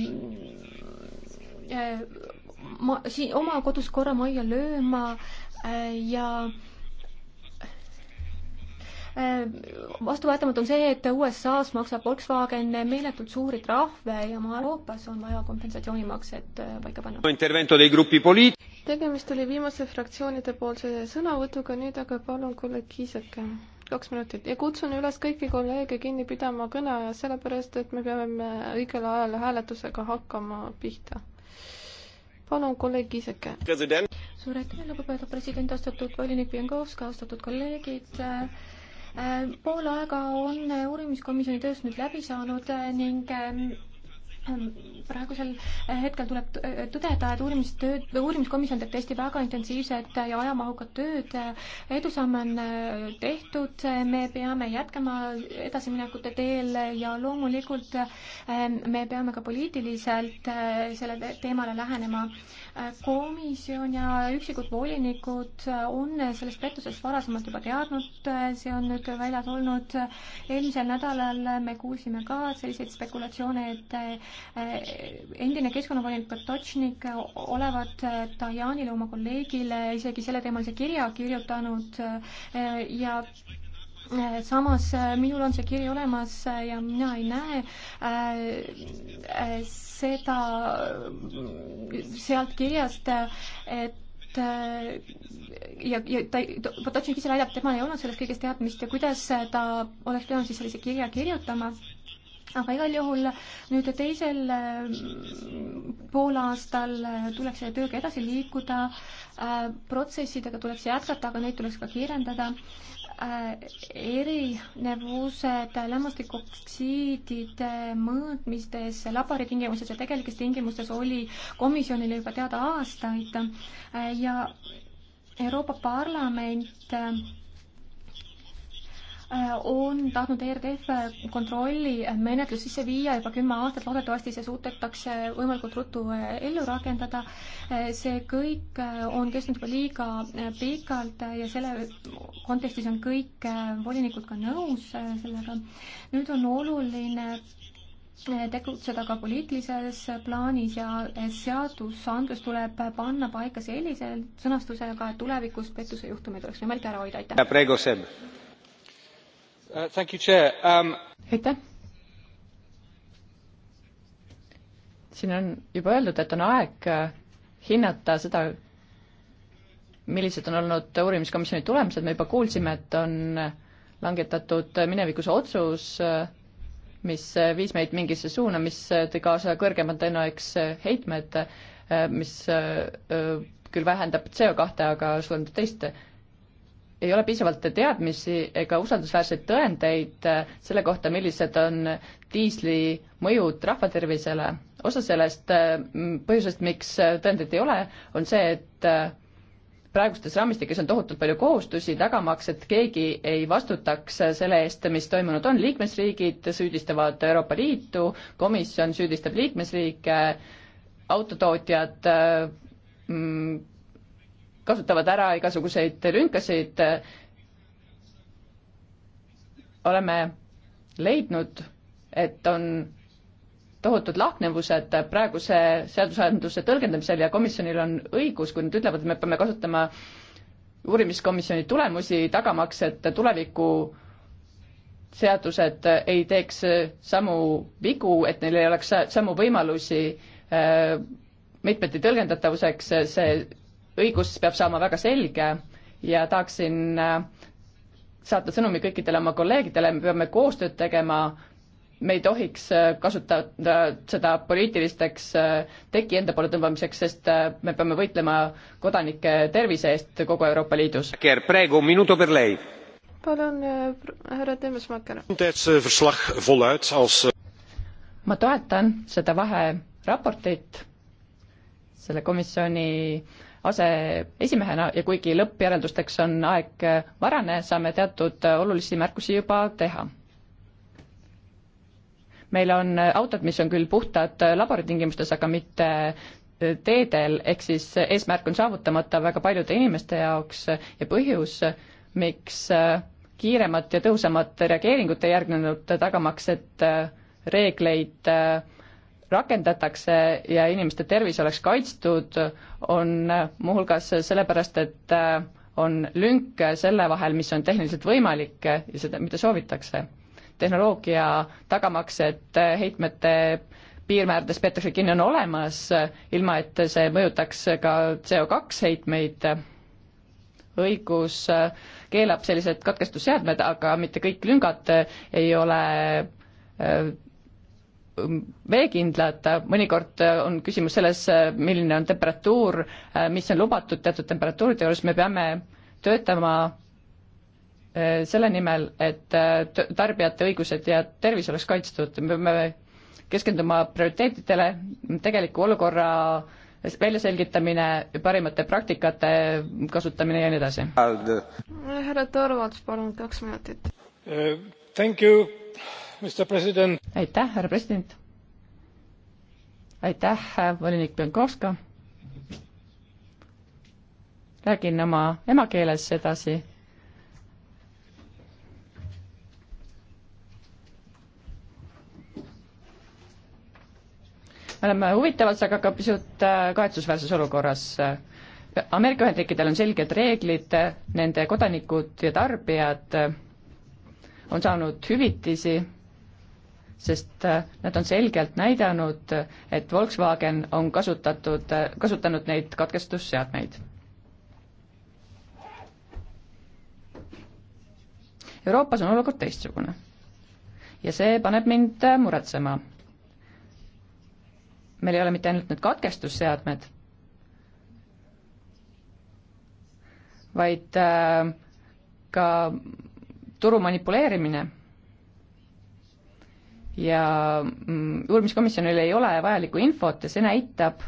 ma, siin oma kodus korra majja lööma ja äh, vastuvõetamatu on see, et USA-s maksab Volkswagen meeletult suuri trahve ja ma Euroopas on vaja kompensatsioonimaksed äh, paika
panna.
tegemist oli viimase fraktsioonide poolse sõnavõtuga, nüüd
aga palun kolleeg Kiiseke, kaks minutit ja kutsun üles kõiki kolleege kinni pidama kõne aja, sellepärast et me peame õigel ajal hääletusega hakkama pihta.
palun, kolleeg Kiiseke suur aitäh, lugupeetud president, austatud volinik Pienkovska, austatud kolleegid. Äh, äh, pool aega on uurimiskomisjoni tööst nüüd läbi saanud äh, ning ähm, ähm, praegusel hetkel tuleb tõdeda, et uurimistööd, uurimiskomisjon teeb tõesti väga intensiivset ja ajamahukat tööd. edusamme on tehtud, me peame jätkama edasiminekute teel ja loomulikult me peame ka poliitiliselt sellele teemale lähenema komisjon ja üksikud volinikud on sellest pettusest varasemalt juba teadnud, see on nüüd väljas olnud. eelmisel nädalal me kuulsime ka selliseid spekulatsioone, et eh, endine keskkonnavolinik Potočnik olevat Tajanile, oma kolleegile isegi selleteemalise kirja kirjutanud eh, ja samas äh, minul on see kiri olemas äh, ja mina ei näe äh, seda sealt kirjast, et ja, ja ta, Potočnik ise väidab, et tema ei olnud sellest kõigest teadmist ja kuidas ta oleks pidanud siis sellise kirja kirjutama aga igal juhul nüüd teisel poolaastal tuleks selle tööga edasi liikuda, protsessidega tuleks jätkata, aga neid tuleks ka kiirendada Äh, erinevused lämmastikoksiidide mõõtmistes laboritingimustes ja tegelikes tingimustes oli komisjonile juba teada aastaid äh, ja Euroopa Parlament äh, on tahtnud ERDF kontrolli menetlus sisse viia juba kümme aastat, loodetavasti see suudetakse võimalikult ruttu eh, ellu rakendada. Eh, see kõik eh, on kestnud juba liiga pikalt ja selle kontekstis on kõik volinikud ka nõus sellega. nüüd on oluline tegutseda ka poliitilises plaanis ja seadusandlus tuleb panna paika sellise sõnastusega, et tulevikus pettuse juhtumeid oleks võimalik
ära hoida,
aitäh. Uh, um, aitäh!
siin on juba öeldud, et on aeg äh, hinnata seda, millised on olnud uurimiskomisjoni tulemused, me juba kuulsime, et on langetatud minevikus otsus, äh, mis viis meid mingisse suuna, mis tõi kaasa kõrgemad ainuaegse heitmed, äh, mis küll vähendab CO2, aga suurendab teist ei ole piisavalt teadmisi ega usaldusväärseid tõendeid äh, selle kohta, millised on diisli mõjud rahvatervisele. osa sellest äh, põhjusest, miks äh, tõendeid ei ole, on see, et praegustes raamistikes on tohutult palju kohustusi, tagamaks, et keegi ei vastutaks selle eest, mis toimunud on, liikmesriigid süüdistavad Euroopa Liitu, komisjon süüdistab liikmesriike, autotootjad mm, kasutavad ära igasuguseid lünkasid. oleme leidnud, et on tohutud lahknevused praeguse seadusandluse tõlgendamisel ja komisjonil on õigus, kui nad ütlevad, et me peame kasutama uurimiskomisjoni tulemusi, tagamaks, et tuleviku seadused ei teeks samu vigu, et neil ei oleks samu võimalusi äh, mitmeti tõlgendatavuseks, see õigus peab saama väga selge ja tahaksin äh, saata sõnumi kõikidele oma kolleegidele, me peame koostööd tegema, me ei tohiks äh, kasutada äh, seda poliitilisteks teki enda poole tõmbamiseks, sest me peame võitlema kodanike tervise eest kogu Euroopa Liidus. palun, härra Temesmaker. ma toetan seda vaheraportit, selle komisjoni aseesimehena ja kuigi lõppjäreldusteks on aeg varane, saame teatud olulisi märkusi juba teha. meil on autod, mis on küll puhtad laboritingimustes, aga mitte teedel, ehk siis eesmärk on saavutamata väga paljude inimeste jaoks ja põhjus, miks kiiremat ja tõhusamat reageeringut ei järgnenud, tagamaks, et reegleid äh, rakendatakse ja inimeste tervis oleks kaitstud, on muuhulgas sellepärast, et äh, on lünk selle vahel, mis on tehniliselt võimalik ja seda, mida soovitakse. tehnoloogia tagamaks, et äh, heitmete piirmäärades peetakse kinni, on olemas, ilma et see mõjutaks ka CO2 heitmeid, õigus äh, keelab sellised katkestusseadmed, aga mitte kõik lüngad ei ole Mm, veekindlad, mõnikord äh, on küsimus selles, äh, milline on temperatuur, äh, mis on lubatud teatud temperatuuride juures, me peame töötama selle nimel, et tarbijate õigused ja tervis oleks kaitstud, me peame keskenduma prioriteetidele, tegeliku olukorra väljaselgitamine, parimate praktikate kasutamine ja nii edasi.
härra Torvalds, palun kaks minutit
uh,. Thank you aitäh, härra president. aitäh, volinik Benkovska. räägin oma emakeeles edasi. me oleme huvitavas, aga ka pisut äh, kahetsusväärses olukorras Ameerika Ühendriikidel on selged reeglid, nende kodanikud ja tarbijad on saanud hüvitisi sest äh, nad on selgelt näidanud, et Volkswagen on kasutatud, äh, kasutanud neid katkestusseadmeid. Euroopas on olukord teistsugune ja see paneb mind äh, muretsema. meil ei ole mitte ainult need katkestusseadmed, vaid ka turu manipuleerimine ja mm, uurimiskomisjonil ei ole vajalikku infot ja see näitab,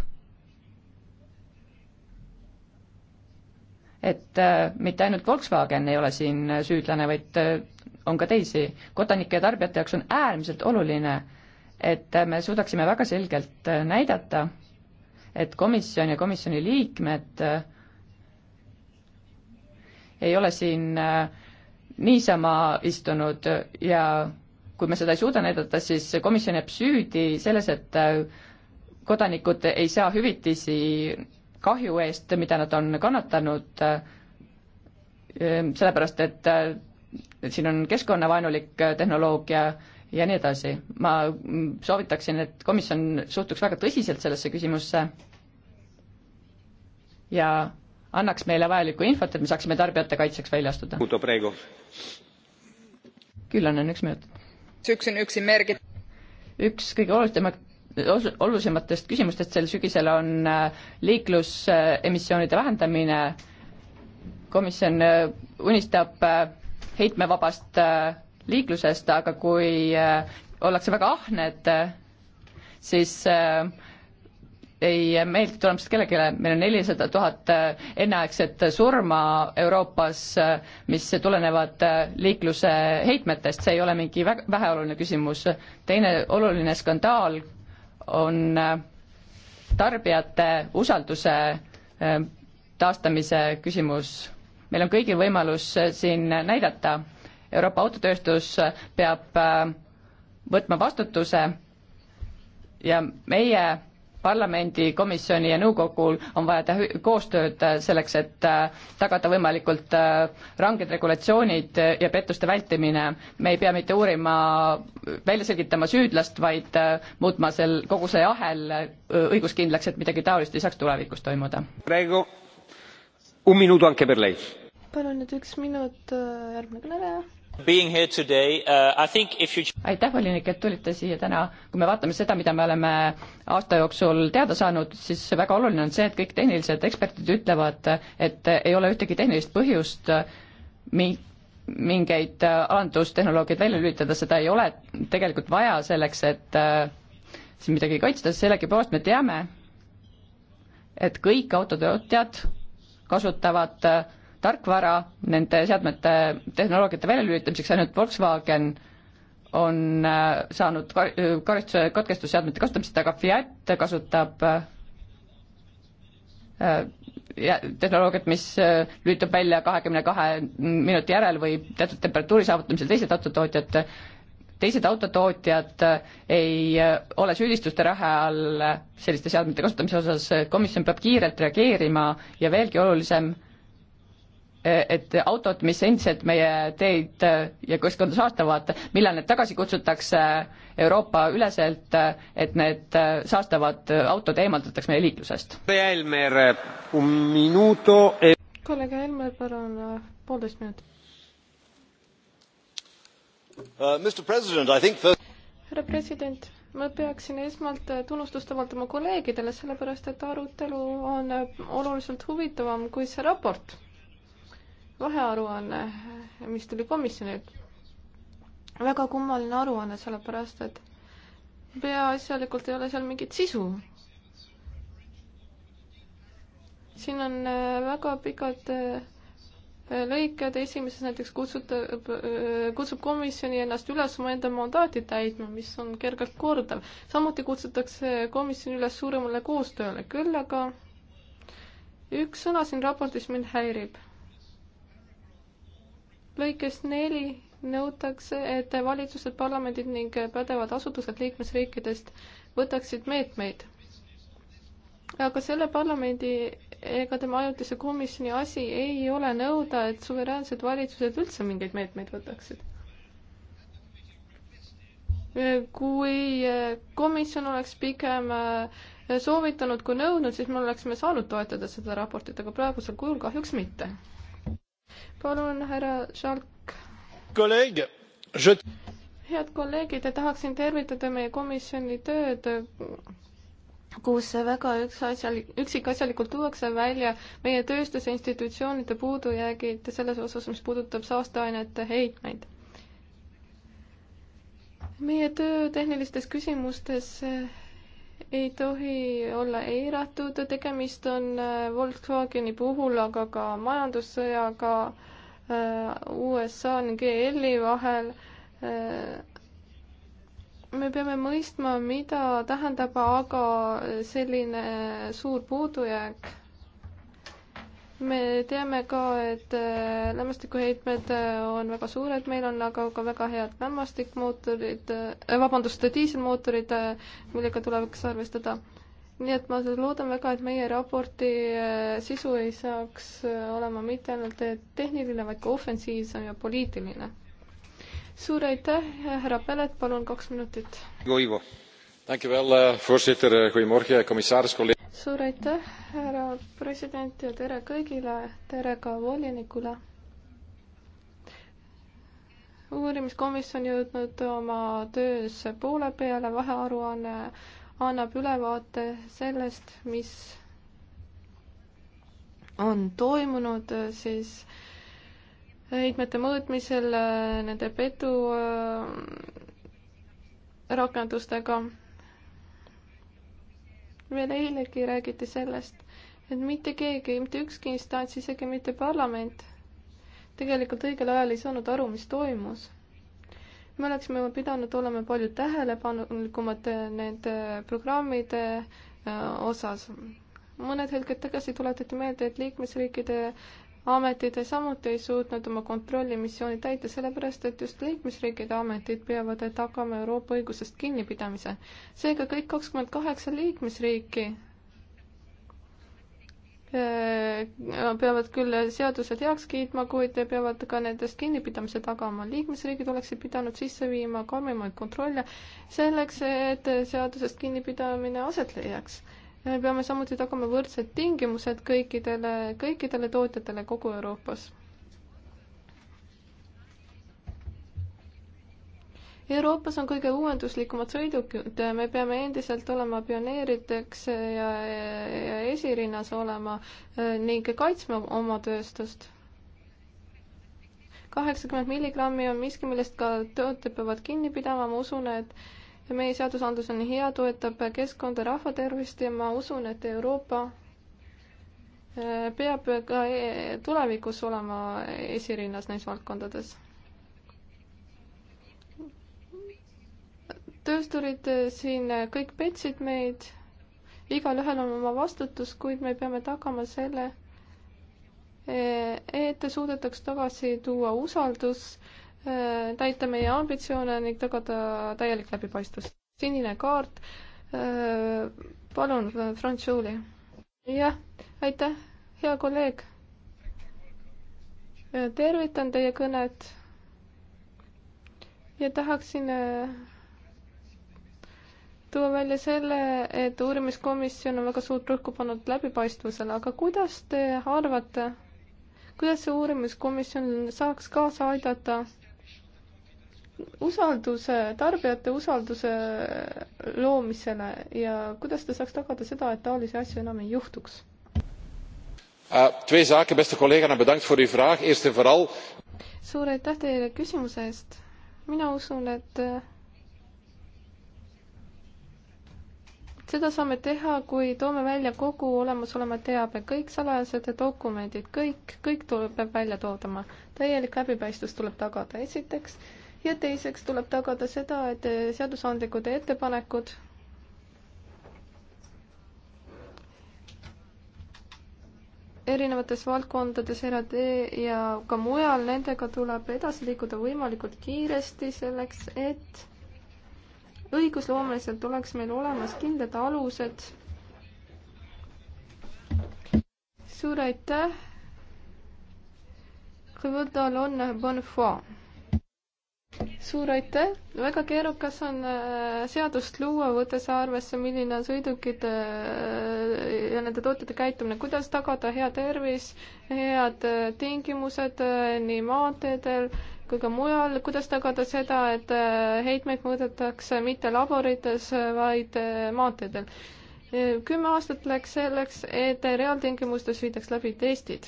et äh, mitte ainult Volkswagen ei ole siin süüdlane, vaid äh, on ka teisi. kodanike ja tarbijate jaoks on äärmiselt oluline, et äh, me suudaksime väga selgelt näidata, et komisjon ja komisjoni liikmed ei ole siin niisama istunud ja kui me seda ei suuda näidata, siis komisjon jääb süüdi selles, et äh, kodanikud ei saa hüvitisi kahju eest, mida nad on kannatanud, äh, äh, sellepärast et siin on keskkonnavaenulik tehnoloogia ja nii edasi. ma soovitaksin, et komisjon suhtuks väga tõsiselt sellesse küsimusse ja annaks meile vajalikku infot, et me saaksime tarbijate kaitseks välja astuda. küll on, on üks minut üks kõige olulisemaid olulisematest küsimustest sel sügisel on äh, liiklusemissioonide vähendamine. komisjon äh, unistab äh, heitmevabast liiklusest, aga kui ollakse väga ahned, siis ei meeldi tulemused kellelegi, meil on nelisada tuhat äh, enneaegset surma Euroopas, äh, mis tulenevad äh, liikluse heitmetest, see ei ole mingi väga väheoluline küsimus. teine oluline skandaal on tarbijate usalduse taastamise küsimus. meil on kõigil võimalus siin näidata, Euroopa autotööstus peab võtma vastutuse ja meie parlamendi, komisjoni ja nõukogul on vaja teha koostööd äh, selleks, et äh, tagada võimalikult äh, ranged regulatsioonid ja pettuste vältimine. me ei pea mitte uurima, välja selgitama süüdlast, vaid muutma sel, kogu see ahel õiguskindlaks, et midagi taolist ei saaks tulevikus toimuda.
praegu un minuto anche per lei.
palun nüüd üks minut,
järgmine kõneleja Today, uh, you... aitäh, volinik, et tulite siia täna. kui me vaatame seda, mida me oleme aasta jooksul teada saanud, siis väga oluline on see, et kõik tehnilised eksperdid ütlevad, et ei ole ühtegi tehnilist põhjust mi-, mingeid äh, alandustehnoloogiaid välja lülitada, seda ei ole tegelikult vaja selleks, et äh, siin midagi kaitsta, sellegipoolest me teame, et kõik autotootjad kasutavad äh, tarkvara nende seadmete, tehnoloogiate väljalülitamiseks, ainult Volkswagen on äh, saanud kar-, äh, karistuse katkestusseadmete kasutamisest, aga Fiat kasutab äh, ja tehnoloogiat, mis lülitub välja kahekümne kahe minuti järel või teatud temperatuuri saavutamisel, teised autotootjad, teised autotootjad ei ole süüdistuste rahe all selliste seadmete kasutamise osas, komisjon peab kiirelt reageerima ja veelgi olulisem, et autod, mis endiselt meie teid ja keskkonda saastavad, millal need tagasi kutsutakse Euroopa üleselt, et need saastavad autod eemaldataks meie liiklusest?
kolleeg Helmer, palun poolteist minutit.
Uh,
härra president, ma peaksin esmalt tunnustust avaldama kolleegidele, sellepärast et arutelu on oluliselt huvitavam kui see raport vahearuanne, mis tuli komisjonilt. väga kummaline aruanne, sellepärast et peaasjalikult ei ole seal mingit sisu. siin on äh, väga pikad äh, lõiked, esimeses näiteks kutsutab, äh, kutsub komisjoni ennast üles omaenda mandaati täitma, mis on kergelt kordav. samuti kutsutakse komisjoni üles suuremale koostööle, küll aga üks sõna siin raportis mind häirib lõikes neli nõutakse, et valitsused, parlamendid ning pädevad asutused liikmesriikidest võtaksid meetmeid. aga selle parlamendi ega tema ajutise komisjoni asi ei ole nõuda, et suveräänsed valitsused üldse mingeid meetmeid võtaksid. kui komisjon oleks pigem eh, soovitanud kui nõudnud, siis me oleksime saanud toetada seda raportit, aga praegusel kujul kahjuks mitte palun, härra Šark. kolleeg, je head kolleegid, tahaksin tervitada meie komisjoni tööd, kus väga üksasjalik, üksikasjalikult tuuakse välja meie tööstuse institutsioonide puudujäägid selles osas, mis puudutab saasteainete heitmeid. meie töö tehnilistes küsimustes ei tohi olla eiratud, tegemist on äh, Volkswageni puhul, aga ka majandussõjaga äh, USA ning EL-i vahel. Äh, me peame mõistma, mida tähendab aga selline suur puudujääk me teame ka, et äh, lämmastikuheitmed äh, on väga suured, meil on aga ka väga head lämmastikmootorid, äh, vabandust, diiselmootorid, millega tuleks arvestada. nii et ma loodan väga, et meie raporti sisu ei saaks olema mitte ainult tehniline, vaid ka ofensiivsem ja poliitiline. suur aitäh, härra Pelet, palun kaks minutit.
voorzitter, goedemorgen, commissaris, kolleegid
suur aitäh, härra president ja tere kõigile, tere ka volinikule. uurimiskomisjon jõudnud oma töös poole peale, vahearuanne annab ülevaate sellest, mis on toimunud siis heitmete mõõtmisel nende pedu äh, rakendustega veel eilegi räägiti sellest, et mitte keegi, mitte ükski instants, isegi mitte parlament tegelikult õigel ajal ei saanud aru, mis toimus. me oleksime pidanud olema palju tähelepanelikumad nende programmide äh, osas. mõned hetked tagasi tuletati meelde, et liikmesriikide ametid samuti ei suutnud oma kontrollimissiooni täita, sellepärast et just liikmesriikide ametid peavad tagama Euroopa õigusest kinnipidamise. seega kõik kakskümmend kaheksa liikmesriiki äh, peavad küll seadused heaks kiitma, kuid peavad ka nendest kinnipidamise tagama. liikmesriigid oleksid pidanud sisse viima karmimaid kontrolle selleks, et seadusest kinnipidamine aset leiaks ja me peame samuti tagama võrdsed tingimused kõikidele, kõikidele tootjatele kogu Euroopas. Euroopas on kõige uuenduslikumad sõidukid, me peame endiselt olema pioneerideks ja, ja esirinnas olema eh, ning kaitsma oma tööstust kaheksakümmend milligrammi on miski, millest ka tootjad peavad kinni pidama, ma usun, et meie seadusandlus on hea, toetab keskkonda, rahvatervist ja ma usun, et Euroopa äh, peab ka äh, tulevikus olema esirinnas neis valdkondades. töösturid äh, siin kõik petsid meid, igalühel on oma vastutus, kuid me peame tagama selle, et suudetaks tagasi tuua usaldus äh, Äh, täita meie ambitsioone ning tagada täielik läbipaistvus. sinine kaart, äh, palun, Franz Schuli. jah, aitäh, hea kolleeg. Äh, tervitan teie kõnet ja tahaksin tuua välja selle, et uurimiskomisjon on väga suurt rõhku pannud läbipaistvusele, aga kuidas te arvate, kuidas see uurimiskomisjon saaks kaasa aidata usalduse, tarbijate usalduse loomisele ja kuidas ta saaks tagada seda, et taolisi asju enam ei juhtuks? Äh, suur aitäh teile küsimuse eest. mina usun, et äh, seda saame teha, kui toome välja kogu olemasoleva teabe, kõik salajased dokumendid, kõik, kõik tuleb, peab välja toodama. täielik läbipaistvus tuleb tagada, esiteks ja teiseks tuleb tagada seda, et seadusandlikud ettepanekud erinevates valdkondades, ERAD ja ka mujal, nendega tuleb edasi liikuda võimalikult kiiresti selleks, et õigusloomeliselt oleks meil olemas kindlad alused. suur aitäh. Revolta on Bonne Foi suur aitäh, väga keerukas on äh, seadust luua, võttes arvesse, milline on sõidukite äh, ja nende tootjate käitumine, kuidas tagada hea tervis, head äh, tingimused nii maanteedel kui ka mujal, kuidas tagada seda, et heitmeid mõõdetakse mitte laborites, vaid maanteedel. kümme aastat läks selleks, et reaaltingimustes viidaks läbi testid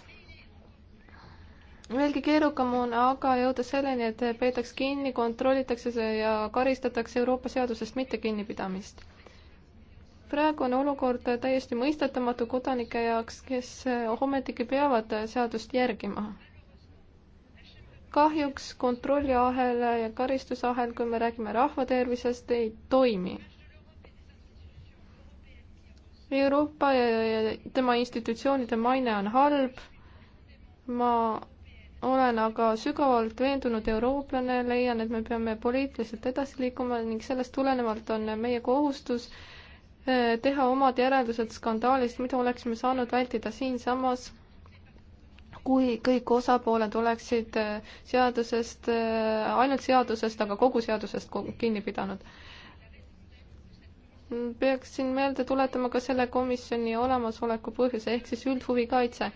veelgi keerukam on aga jõuda selleni, et peetaks kinni, kontrollitakse ja karistatakse Euroopa seadusest mitte kinnipidamist. praegu on olukord täiesti mõistetamatu kodanike jaoks, kes ometigi peavad seadust järgima. kahjuks kontrolliahel ja karistusahel, kui me räägime rahvatervisest, ei toimi. Euroopa ja tema institutsioonide maine on halb, ma olen aga sügavalt veendunud eurooplane, leian, et me peame poliitiliselt edasi liikuma ning sellest tulenevalt on meie kohustus äh, teha omad järeldused skandaalist, mida oleksime saanud vältida siinsamas, kui kõik osapooled oleksid äh, seadusest, äh, ainult seadusest, aga kogu seadusest kinni pidanud. peaksin meelde tuletama ka selle komisjoni olemasoleku põhjuse ehk siis üldhuvikaitse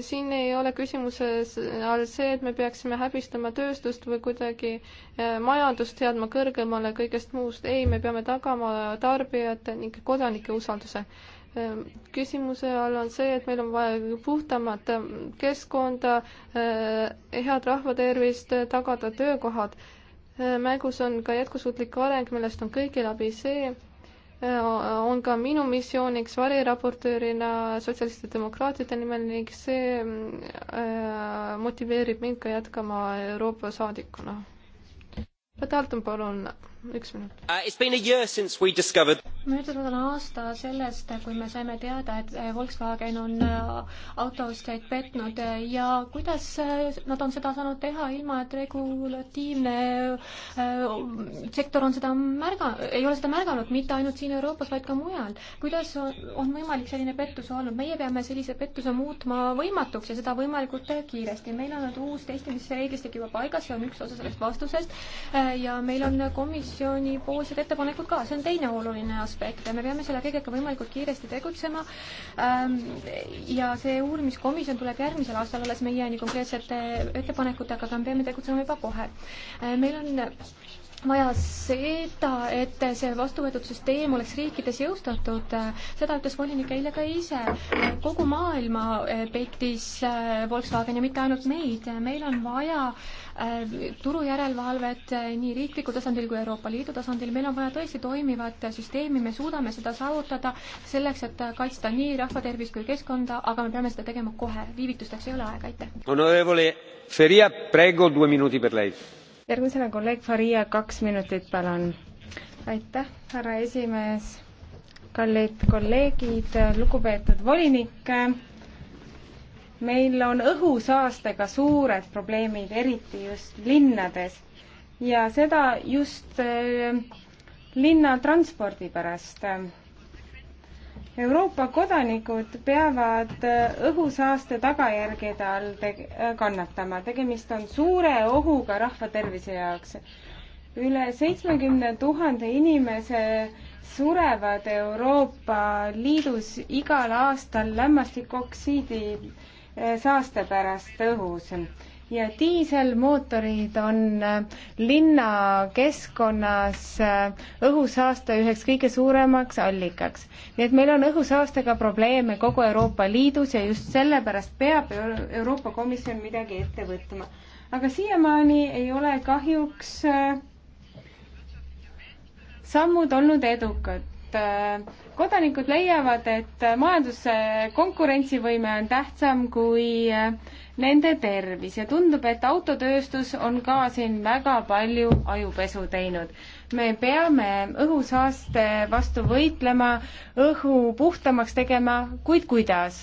siin ei ole küsimuses all see, et me peaksime häbistama tööstust või kuidagi eh, majandust seadma kõrgemale kõigest muust. ei, me peame tagama tarbijate ning kodanike usalduse. Eh, küsimuse all on see, et meil on vaja puhtamat eh, keskkonda, head rahvatervist, tagada töökohad. mängus on ka jätkusuutlik areng, millest on kõigil abi see, Äh, on ka minu missiooniks variraportöörina sotsialistide demokraatide nimel ning see mm, äh, motiveerib mind ka jätkama Euroopa saadikuna. Dalton, palun üks minut
uh,.
möödunud on aasta sellest, kui me saime teada, et eh, Volkswagen on eh, autoostjaid petnud eh, ja kuidas nad on seda saanud teha, ilma et regulatiivne uh, sektor on seda märga, ei ole seda märganud, mitte ainult siin Euroopas, vaid ka mujal. kuidas on, on võimalik selline pettus olnud, meie peame sellise pettuse muutma võimatuks ja seda võimalikult kiiresti. meil on nüüd uus testimisreeglistik juba paigas, see on üks osa sellest vastusest ja meil on komisjon komisjoni poolsed ettepanekud ka, see on teine oluline aspekt ja me peame selle kõigega võimalikult kiiresti tegutsema. Ähm, ja see uurimiskomisjon tuleb järgmisel aastal alles meieni konkreetsete ettepanekutega, aga me peame tegutsema juba kohe. Äh, meil on vaja seda, et see vastuvõetud süsteem oleks riikides jõustatud, seda ütles volinik eile ka ise. kogu maailma petis Volkswagen ja mitte ainult meid, meil on vaja äh, Äh, turujärelevalvet äh, nii riiklikul tasandil kui Euroopa Liidu tasandil. meil on vaja tõesti toimivat äh, süsteemi, me suudame seda saavutada selleks, et kaitsta nii rahvatervist kui keskkonda, aga me peame seda tegema kohe, viivitusteks ei ole aega, aitäh. järgmisena kolleeg Faria, kaks minutit, palun.
aitäh, härra esimees kallid kolleegid, lugupeetud volinik meil on õhusaastega suured probleemid, eriti just linnades ja seda just äh, linnatranspordi pärast. Euroopa kodanikud peavad äh, õhusaaste tagajärgede all te äh, kannatama, tegemist on suure ohuga rahva tervise jaoks. üle seitsmekümne tuhande inimese surevad Euroopa Liidus igal aastal lämmastikoksiidi Eh, saaste pärast õhus ja diiselmootorid on eh, linna keskkonnas eh, õhusaaste üheks kõige suuremaks allikaks. nii et meil on õhusaastega probleeme kogu Euroopa Liidus ja just sellepärast peab Euroopa Komisjon midagi ette võtma. aga siiamaani ei ole kahjuks sammud olnud edukad et äh, kodanikud leiavad, et majanduse konkurentsivõime on tähtsam kui äh, nende tervis ja tundub, et autotööstus on ka siin väga palju ajupesu teinud. me peame õhusaaste vastu võitlema, õhu puhtamaks tegema, kuid kuidas?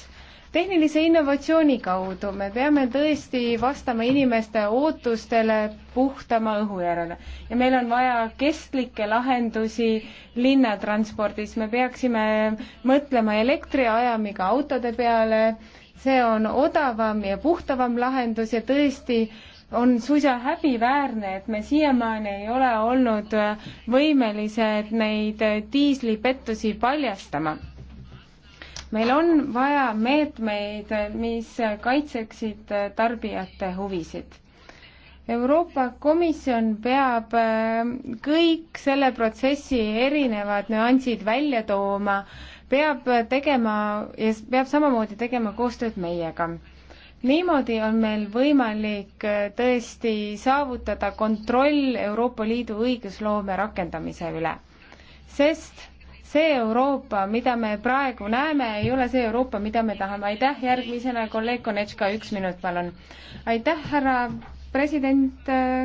tehnilise innovatsiooni kaudu me peame tõesti vastama inimeste ootustele puhtama õhu järele ja meil on vaja kestlikke lahendusi linnatranspordis, me peaksime mõtlema elektriajamiga autode peale, see on odavam ja puhtavam lahendus ja tõesti on suisa häbiväärne, et me siiamaani ei ole olnud võimelised neid diislipettusi paljastama meil on vaja meetmeid, mis kaitseksid tarbijate huvisid. Euroopa Komisjon peab äh, kõik selle protsessi erinevad nüansid välja tooma, peab tegema ja peab samamoodi tegema koostööd meiega niimoodi on meil võimalik äh, tõesti saavutada kontroll Euroopa Liidu õigusloome rakendamise üle, sest see Euroopa, mida me praegu näeme, ei ole see Euroopa, mida me tahame. aitäh, järgmisena kolleeg Konetška, üks minut, palun. aitäh, härra president,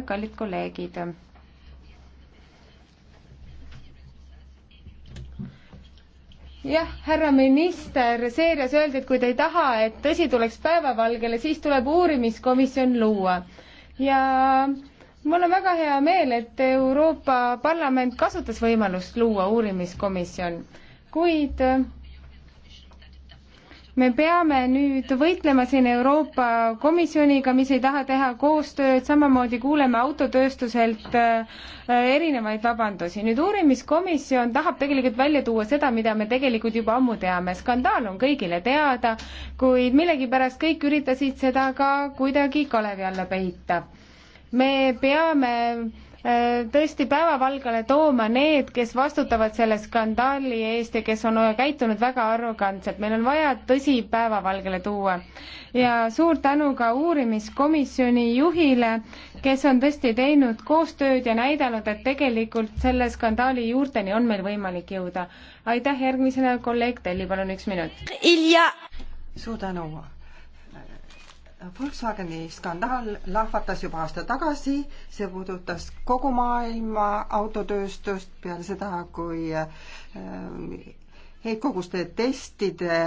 kallid kolleegid. jah, härra minister, seerias öeldi, et kui te ei taha, et tõsi tuleks päevavalgele, siis tuleb uurimiskomisjon luua ja mul on väga hea meel, et Euroopa Parlament kasutas võimalust luua uurimiskomisjon, kuid äh, me peame nüüd võitlema siin Euroopa Komisjoniga, mis ei taha teha koostööd, samamoodi kuuleme autotööstuselt äh, erinevaid vabandusi. nüüd uurimiskomisjon tahab tegelikult välja tuua seda, mida me tegelikult juba ammu teame. skandaal on kõigile teada, kuid millegipärast kõik üritasid seda ka kuidagi kalevi alla peita me peame äh, tõesti päevavalgele tooma need, kes vastutavad selle skandaali eest ja kes on käitunud väga arrogantselt. meil on vaja tõsi päevavalgele tuua. ja suur tänu ka uurimiskomisjoni juhile, kes on tõesti teinud koostööd ja näidanud, et tegelikult selle skandaali juurteni on meil võimalik jõuda. aitäh, järgmisena kolleeg Telli, palun üks minut.
suur tänu Volkswageni skandaal lahvatas juba aasta tagasi, see puudutas kogu maailma autotööstust peale seda, kui äh, heitkoguste testide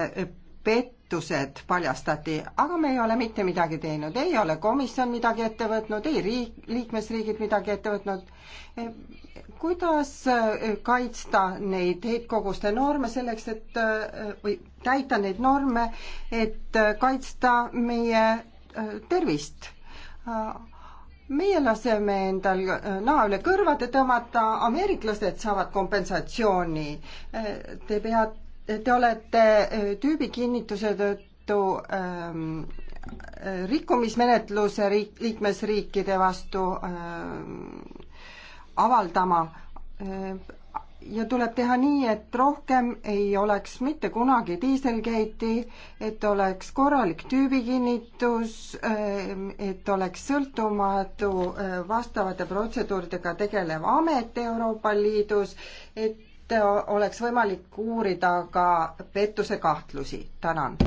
pettused paljastati, aga me ei ole mitte midagi teinud, ei ole komisjon midagi ette võtnud, ei riik, liikmesriigid midagi ette võtnud. Äh, kuidas äh, kaitsta neid heitkoguste norme selleks, et või täita neid norme, et äh, kaitsta meie äh, tervist. Äh, meie laseme endal naa üle kõrvade tõmmata, ameeriklased saavad kompensatsiooni. Te peate, te olete tüübi kinnituse tõttu ähm, rikkumismenetluse riik, liikmesriikide vastu ähm, avaldama äh, ja tuleb teha nii, et rohkem ei oleks mitte kunagi diiselgate'i, et oleks korralik tüübikinnitus, ähm, et oleks sõltumatu äh, vastavate protseduuridega tegelev amet Euroopa Liidus, et äh, oleks võimalik uurida ka pettuse kahtlusi. tänan.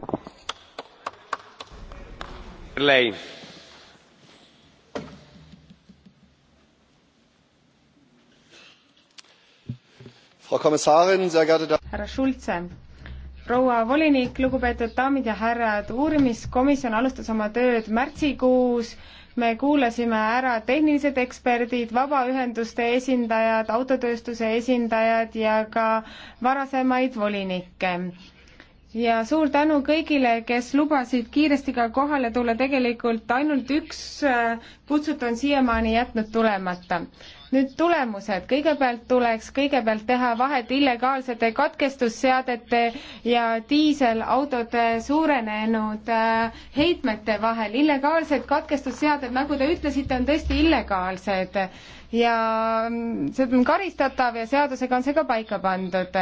Lei härra
Schulze proua volinik, lugupeetud daamid ja härrad, uurimiskomisjon alustas oma tööd märtsikuus, me kuulasime ära tehnilised eksperdid, vabaühenduste esindajad, autotööstuse esindajad ja ka varasemaid volinikke. ja suur tänu kõigile, kes lubasid kiiresti ka kohale tulla, tegelikult ainult üks äh, kutsutu on siiamaani jätnud tulemata nüüd tulemused, kõigepealt tuleks kõigepealt teha vahet illegaalsete katkestusseadete ja diiselautode suurenenud äh, heitmete vahel. illegaalsed katkestusseaded, nagu te ütlesite, on tõesti illegaalsed ja mm, see on karistatav ja seadusega on see ka paika pandud.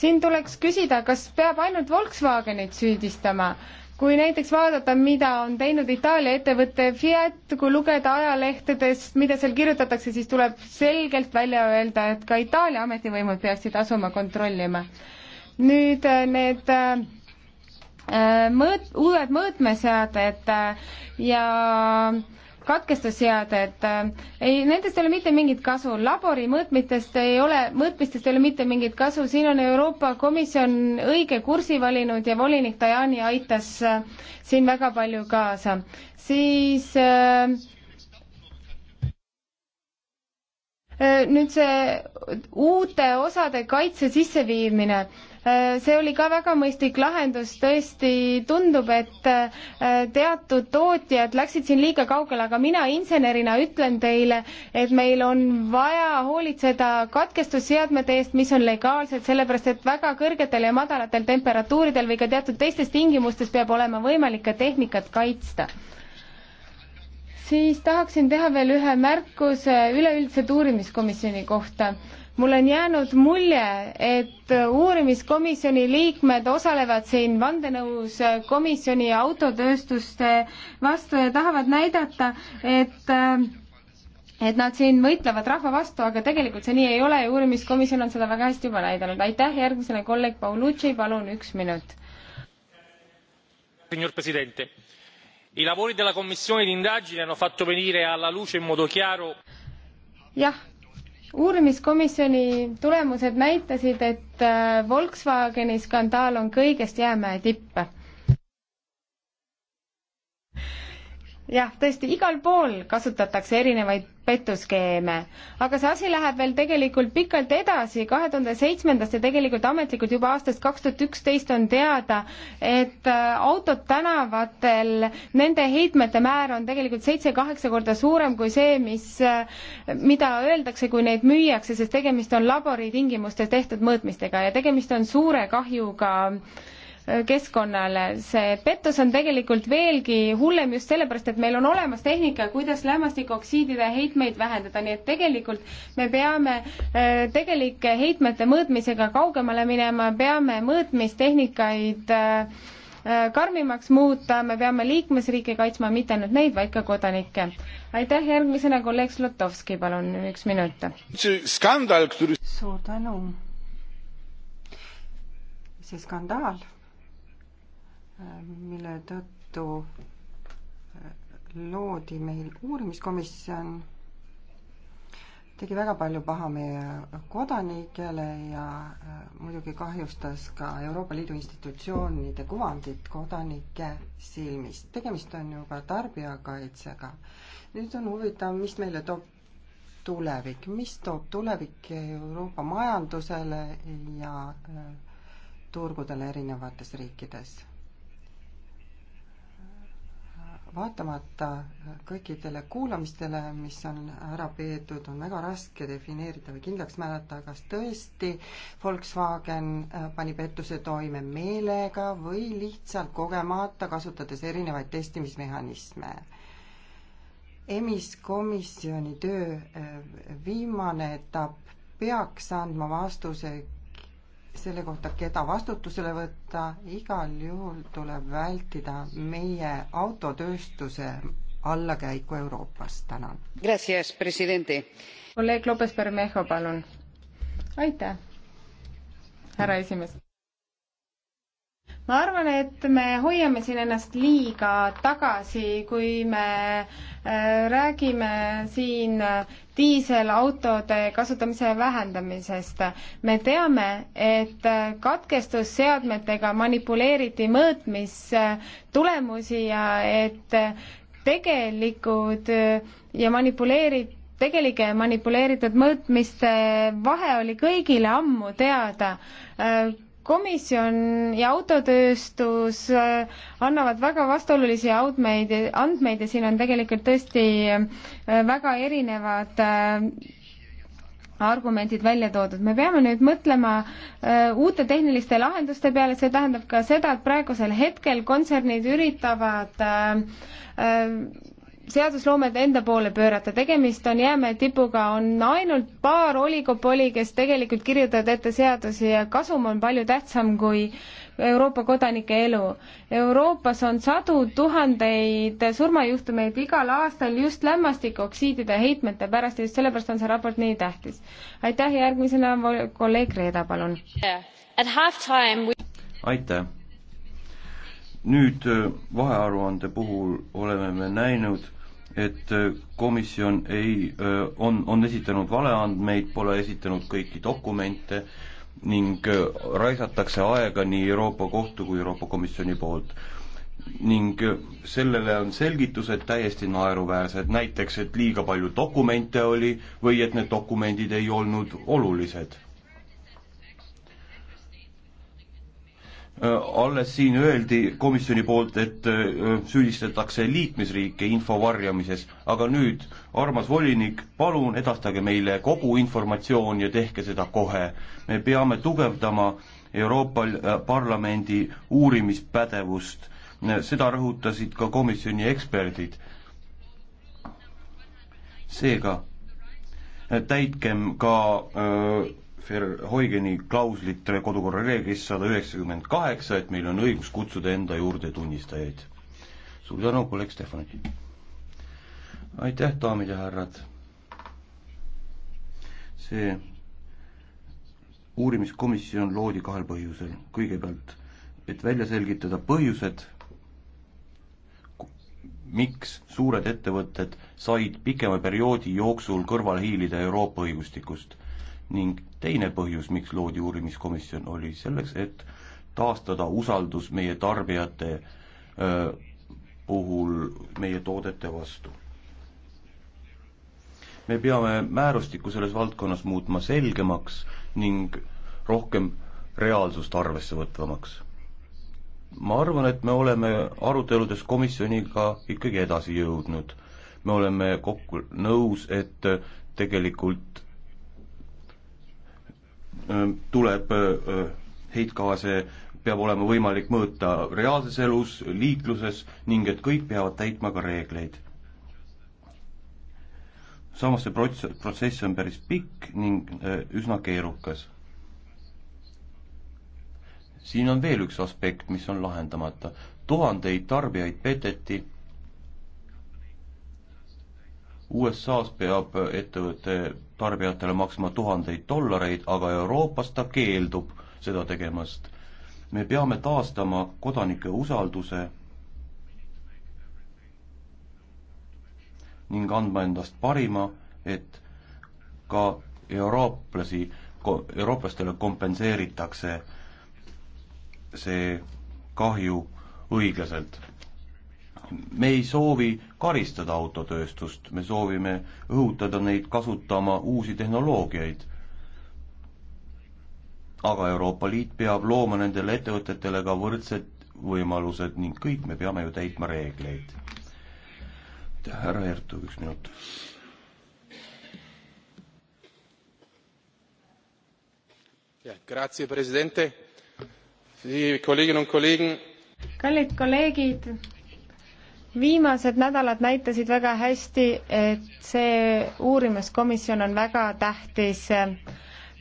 siin tuleks küsida, kas peab ainult Volkswagenit süüdistama kui näiteks vaadata, mida on teinud Itaalia ettevõte Fiat, kui lugeda ajalehtedest, mida seal kirjutatakse, siis tuleb selgelt välja öelda, et ka Itaalia ametivõimud peaksid asuma kontrollima. nüüd äh, need äh, mõõt-, uued mõõtmeseaded äh, ja äh, katkestusseaded, äh, ei, nendest ei ole mitte mingit kasu, labori mõõtmitest ei ole, mõõtmistest ei ole mitte mingit kasu, siin on Euroopa Komisjon õige kursi valinud ja volinik Tajani aitas äh, siin väga palju kaasa. siis äh, äh, nüüd see uute osade kaitse sisseviimine see oli ka väga mõistlik lahendus, tõesti tundub, et äh, teatud tootjad läksid siin liiga kaugele, aga mina insenerina ütlen teile, et meil on vaja hoolitseda katkestusseadmete eest, mis on legaalsed, sellepärast et väga kõrgetel ja madalatel temperatuuridel või ka teatud teistes tingimustes peab olema võimalik ka tehnikat kaitsta siis tahaksin teha veel ühe märkuse üleüldse uurimiskomisjoni kohta mul on jäänud mulje, et uurimiskomisjoni liikmed osalevad siin vandenõus komisjoni autotööstuste vastu ja tahavad näidata, et et nad siin võitlevad rahva vastu, aga tegelikult see nii ei ole ja uurimiskomisjon on seda väga hästi juba näidanud. aitäh, järgmisena kolleeg Paulucci, palun üks minut.
Signor Presidente, i lavori della commissione d'indagine hanno fatto venire alla luce in modo chiaro
jah, uurimiskomisjoni tulemused näitasid, et äh, Volkswageni skandaal on kõigest jäämäe tipp jah, tõesti, igal pool kasutatakse erinevaid petuskeeme, aga see asi läheb veel tegelikult pikalt edasi, kahe tuhande seitsmendast ja tegelikult ametlikult juba aastast kaks tuhat üksteist on teada, et äh, autod tänavatel, nende heitmete määr on tegelikult seitse-kaheksa korda suurem kui see, mis, äh, mida öeldakse, kui neid müüakse, sest tegemist on laboritingimustes tehtud mõõtmistega ja tegemist on suure kahjuga ka keskkonnale. see pettus on tegelikult veelgi hullem just sellepärast, et meil on olemas tehnika, kuidas lämmastikoksiidide heitmeid vähendada, nii et tegelikult me peame äh, tegelike heitmete mõõtmisega kaugemale minema, peame mõõtmistehnikaid äh, äh, karmimaks muuta, me peame liikmesriike kaitsma, mitte ainult neid, vaid ka kodanikke. aitäh, järgmisena kolleeg Zlotovski, palun üks minut.
suur tänu. see skandaal mille tõttu äh, loodi meil uurimiskomisjon, tegi väga palju paha meie kodanikele ja äh, muidugi kahjustas ka Euroopa Liidu institutsioonide kuvandit kodanike silmis. tegemist on ju ka tarbijakaitsega. nüüd on huvitav, mis meile toob tulevik, mis toob tulevik Euroopa majandusele ja äh, turgudele erinevates riikides vaatamata kõikidele kuulamistele, mis on ära peetud, on väga raske defineerida või kindlaks määrata, kas tõesti Volkswagen äh, pani pettuse toime meelega või lihtsalt kogemata, kasutades erinevaid testimismehhanisme. EMIS komisjoni töö äh, viimane etapp peaks andma vastuse selle kohta, keda vastutusele võtta, igal juhul tuleb vältida meie autotööstuse allakäiku Euroopas, tänan.
kolleeg Lopez Bermejo, palun. aitäh, härra esimees ma arvan, et me hoiame siin ennast liiga tagasi, kui me äh, räägime siin äh, diiselautode kasutamise vähendamisest. me teame, et äh, katkestusseadmetega manipuleeriti mõõtmistulemusi ja et tegelikud ja manipuleerid-, tegelike manipuleeritud mõõtmiste vahe oli kõigile ammu teada komisjon ja autotööstus äh, annavad väga vastuolulisi andmeid, andmeid ja siin on tegelikult tõesti äh, väga erinevad äh, argumendid välja toodud. me peame nüüd mõtlema uute tehniliste lahenduste peale, see tähendab ka seda, et praegusel hetkel kontsernid üritavad seadusloomet enda poole pöörata, tegemist on jäämäe tipuga, on ainult paar oligopoli, kes tegelikult kirjutavad ette seadusi ja kasum on palju tähtsam kui Euroopa kodanike elu. Euroopas on sadu tuhandeid surmajuhtumeid igal aastal just lämmastikoksiidide heitmete pärast ja just sellepärast on see raport nii tähtis. aitäh, järgmisena kolleeg Reeda, palun
yeah.. We...
aitäh nüüd äh, vahearuande puhul oleme me näinud, et äh, komisjon ei, äh, on, on esitanud valeandmeid, pole esitanud kõiki dokumente ning äh, raisatakse aega nii Euroopa Kohtu kui Euroopa Komisjoni poolt. ning sellele on selgitused täiesti naeruväärsed, näiteks et liiga palju dokumente oli või et need dokumendid ei olnud olulised Äh, alles siin öeldi komisjoni poolt, et äh, süüdistatakse liikmesriike info varjamises, aga nüüd, armas volinik, palun edastage meile kogu informatsioon ja tehke seda kohe. me peame tugevdama Euroopa äh, Parlamendi uurimispädevust, seda rõhutasid ka komisjoni eksperdid. seega täitkem ka öö, Verhoigeni klauslit kodukorra reeglist sada üheksakümmend kaheksa, et meil on õigus kutsuda enda juurde tunnistajaid. suur tänu, kolleeg Stefani. aitäh, daamid ja härrad. see uurimiskomisjon loodi kahel põhjusel. kõigepealt, et välja selgitada põhjused, miks suured ettevõtted said pikema perioodi jooksul kõrvale hiilida Euroopa õigustikust ning teine põhjus, miks loodi uurimiskomisjon, oli selleks, et taastada usaldus meie tarbijate öö, puhul meie toodete vastu. me peame määrustikku selles valdkonnas muutma selgemaks ning rohkem reaalsust arvesse võtvamaks. ma arvan, et me oleme aruteludes komisjoniga ikkagi edasi jõudnud. me oleme kokku nõus, et tegelikult tuleb heitgaase peab olema võimalik mõõta reaalses elus, liikluses ning et kõik peavad täitma ka reegleid. samas see prots-, protsess on päris pikk ning üsna keerukas. siin on veel üks aspekt, mis on lahendamata. tuhandeid tarbijaid peteti USA-s peab ettevõte tarbijatele maksma tuhandeid dollareid, aga Euroopas ta keeldub seda tegemast. me peame taastama kodanike usalduse ning andma endast parima, et ka eurooplasi, eurooplastele kompenseeritakse see kahju õiglaselt me ei soovi karistada autotööstust, me soovime õhutada neid kasutama uusi tehnoloogiaid. aga Euroopa Liit peab looma nendele ettevõtetele ka võrdsed võimalused ning kõik me peame ju täitma reegleid. härra Ertug, üks minut. Grazie, presidente. Kolleginnen und Kollegen.
kallid kolleegid viimased nädalad näitasid väga hästi, et see uurimiskomisjon on väga tähtis.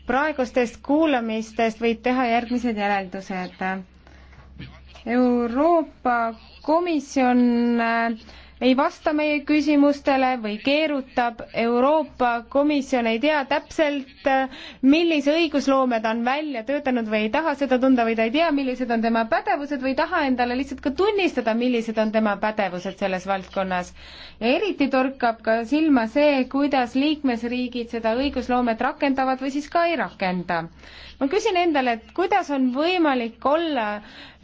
praegustest kuulamistest võib teha järgmised järeldused. Euroopa Komisjon ei vasta meie küsimustele või keerutab. Euroopa Komisjon ei tea täpselt, millise õigusloome ta on välja töötanud või ei taha seda tunda või ta ei tea, millised on tema pädevused või ei taha endale lihtsalt ka tunnistada, millised on tema pädevused selles valdkonnas. ja eriti torkab ka silma see, kuidas liikmesriigid seda õigusloomet rakendavad või siis ka ei rakenda ma küsin endale, et kuidas on võimalik olla,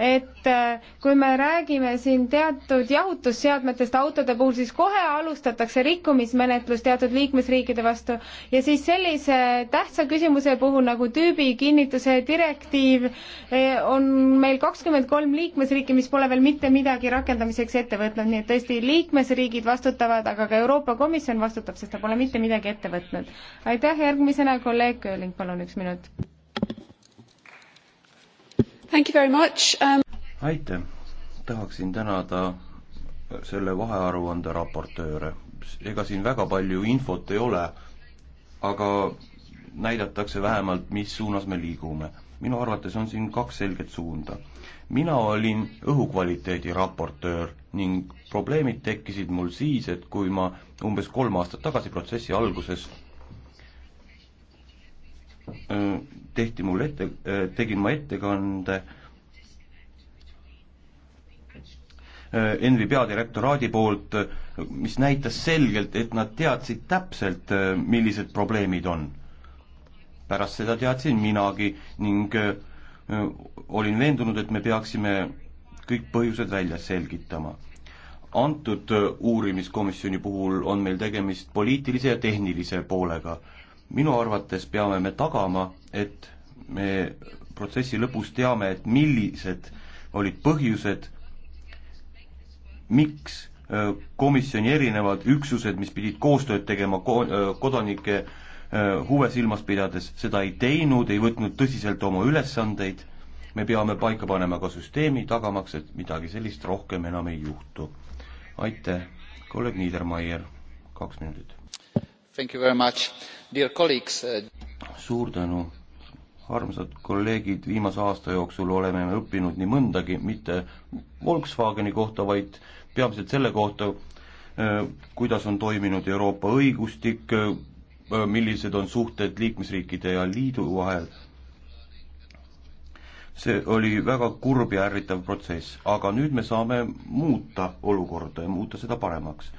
et äh, kui me räägime siin teatud jahutusseadmetest autode puhul, siis kohe alustatakse rikkumismenetlus teatud liikmesriikide vastu ja siis sellise tähtsa küsimuse puhul nagu tüübikinnituse direktiiv eh, on meil kakskümmend kolm liikmesriiki, mis pole veel mitte midagi rakendamiseks ette võtnud, nii et tõesti liikmesriigid vastutavad, aga ka Euroopa Komisjon vastutab, sest ta pole mitte midagi ette võtnud. aitäh, järgmisena kolleeg Kööling, palun üks minut
Um...
aitäh, tahaksin tänada selle vahearuande raportööre. ega siin väga palju infot ei ole, aga näidatakse vähemalt, mis suunas me liigume. minu arvates on siin kaks selget suunda. mina olin õhukvaliteedi raportöör ning probleemid tekkisid mul siis, et kui ma umbes kolm aastat tagasi protsessi alguses öö, äh, tehti mul ette, tegin ma ettekande Envi peadirektoraadi poolt, mis näitas selgelt, et nad teadsid täpselt, millised probleemid on. pärast seda teadsin minagi ning olin veendunud, et me peaksime kõik põhjused välja selgitama antud uurimiskomisjoni puhul on meil tegemist poliitilise ja tehnilise poolega minu arvates peame me tagama, et me protsessi lõpus teame, et millised olid põhjused, miks komisjoni erinevad üksused, mis pidid koostööd tegema ko-, kodanike huve silmas pidades, seda ei teinud, ei võtnud tõsiselt oma ülesandeid, me peame paika panema ka süsteemi, tagamaks, et midagi sellist rohkem enam ei juhtu. aitäh, kolleeg Niedermeier, kaks minutit Uh, suur tänu. armsad kolleegid, viimase aasta jooksul oleme me õppinud nii mõndagi, mitte Volkswageni kohta, vaid peamiselt selle kohta, äh, kuidas on toiminud Euroopa õigustik, äh, millised on suhted liikmesriikide ja liidu vahel see oli väga kurb ja ärritav protsess, aga nüüd me saame muuta olukorda ja muuta seda paremaks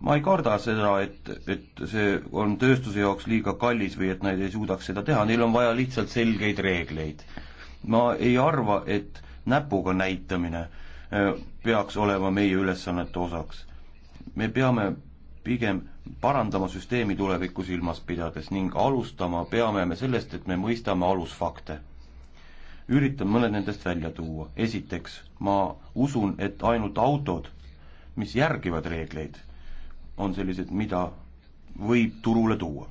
ma ei karda seda, et, et see on tööstuse jaoks liiga kallis või et nad ei suudaks seda teha, neil on vaja lihtsalt selgeid reegleid. ma ei arva, et näpuga näitamine äh, peaks olema meie ülesannete osaks. me peame pigem parandama süsteemi tulevikku silmas pidades ning alustama peame me sellest, et me mõistame alusfakte. üritan mõned nendest välja tuua. esiteks, ma usun, et ainult autod, mis järgivad reegleid on sellised, mida võib turule tuua.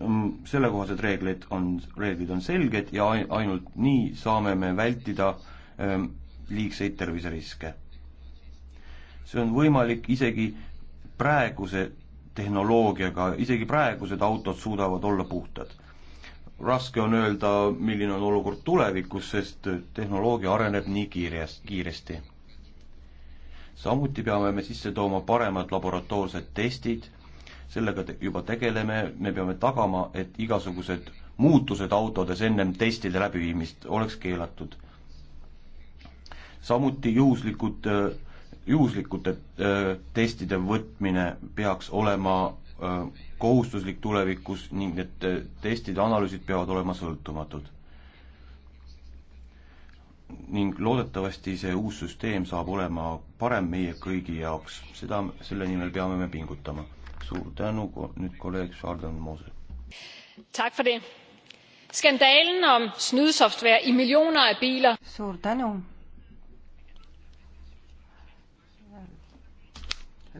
Mm, sellekohased reegleid on, reeglid on selged ja ainult nii saame me vältida ähm, liigseid terviseriske. see on võimalik isegi praeguse tehnoloogiaga, isegi praegused autod suudavad olla puhtad. raske on öelda, milline on olukord tulevikus, sest äh, tehnoloogia areneb nii kiires, kiiresti samuti peame me sisse tooma paremad laboratoorsed testid, sellega te juba tegeleme, me peame tagama, et igasugused muutused autodes ennem testide läbiviimist oleks keelatud. samuti juhuslikud, äh, juhuslikute äh, testide võtmine peaks olema äh, kohustuslik tulevikus ning need testid ja analüüsid peavad olema sõltumatud ning loodetavasti see uus süsteem saab olema parem meie kõigi jaoks, seda, selle nimel peame me pingutama. suur tänu, nüüd kolleeg Chardan Moose.
skandalen om snydesoftware i millioner av biler. suur tänu.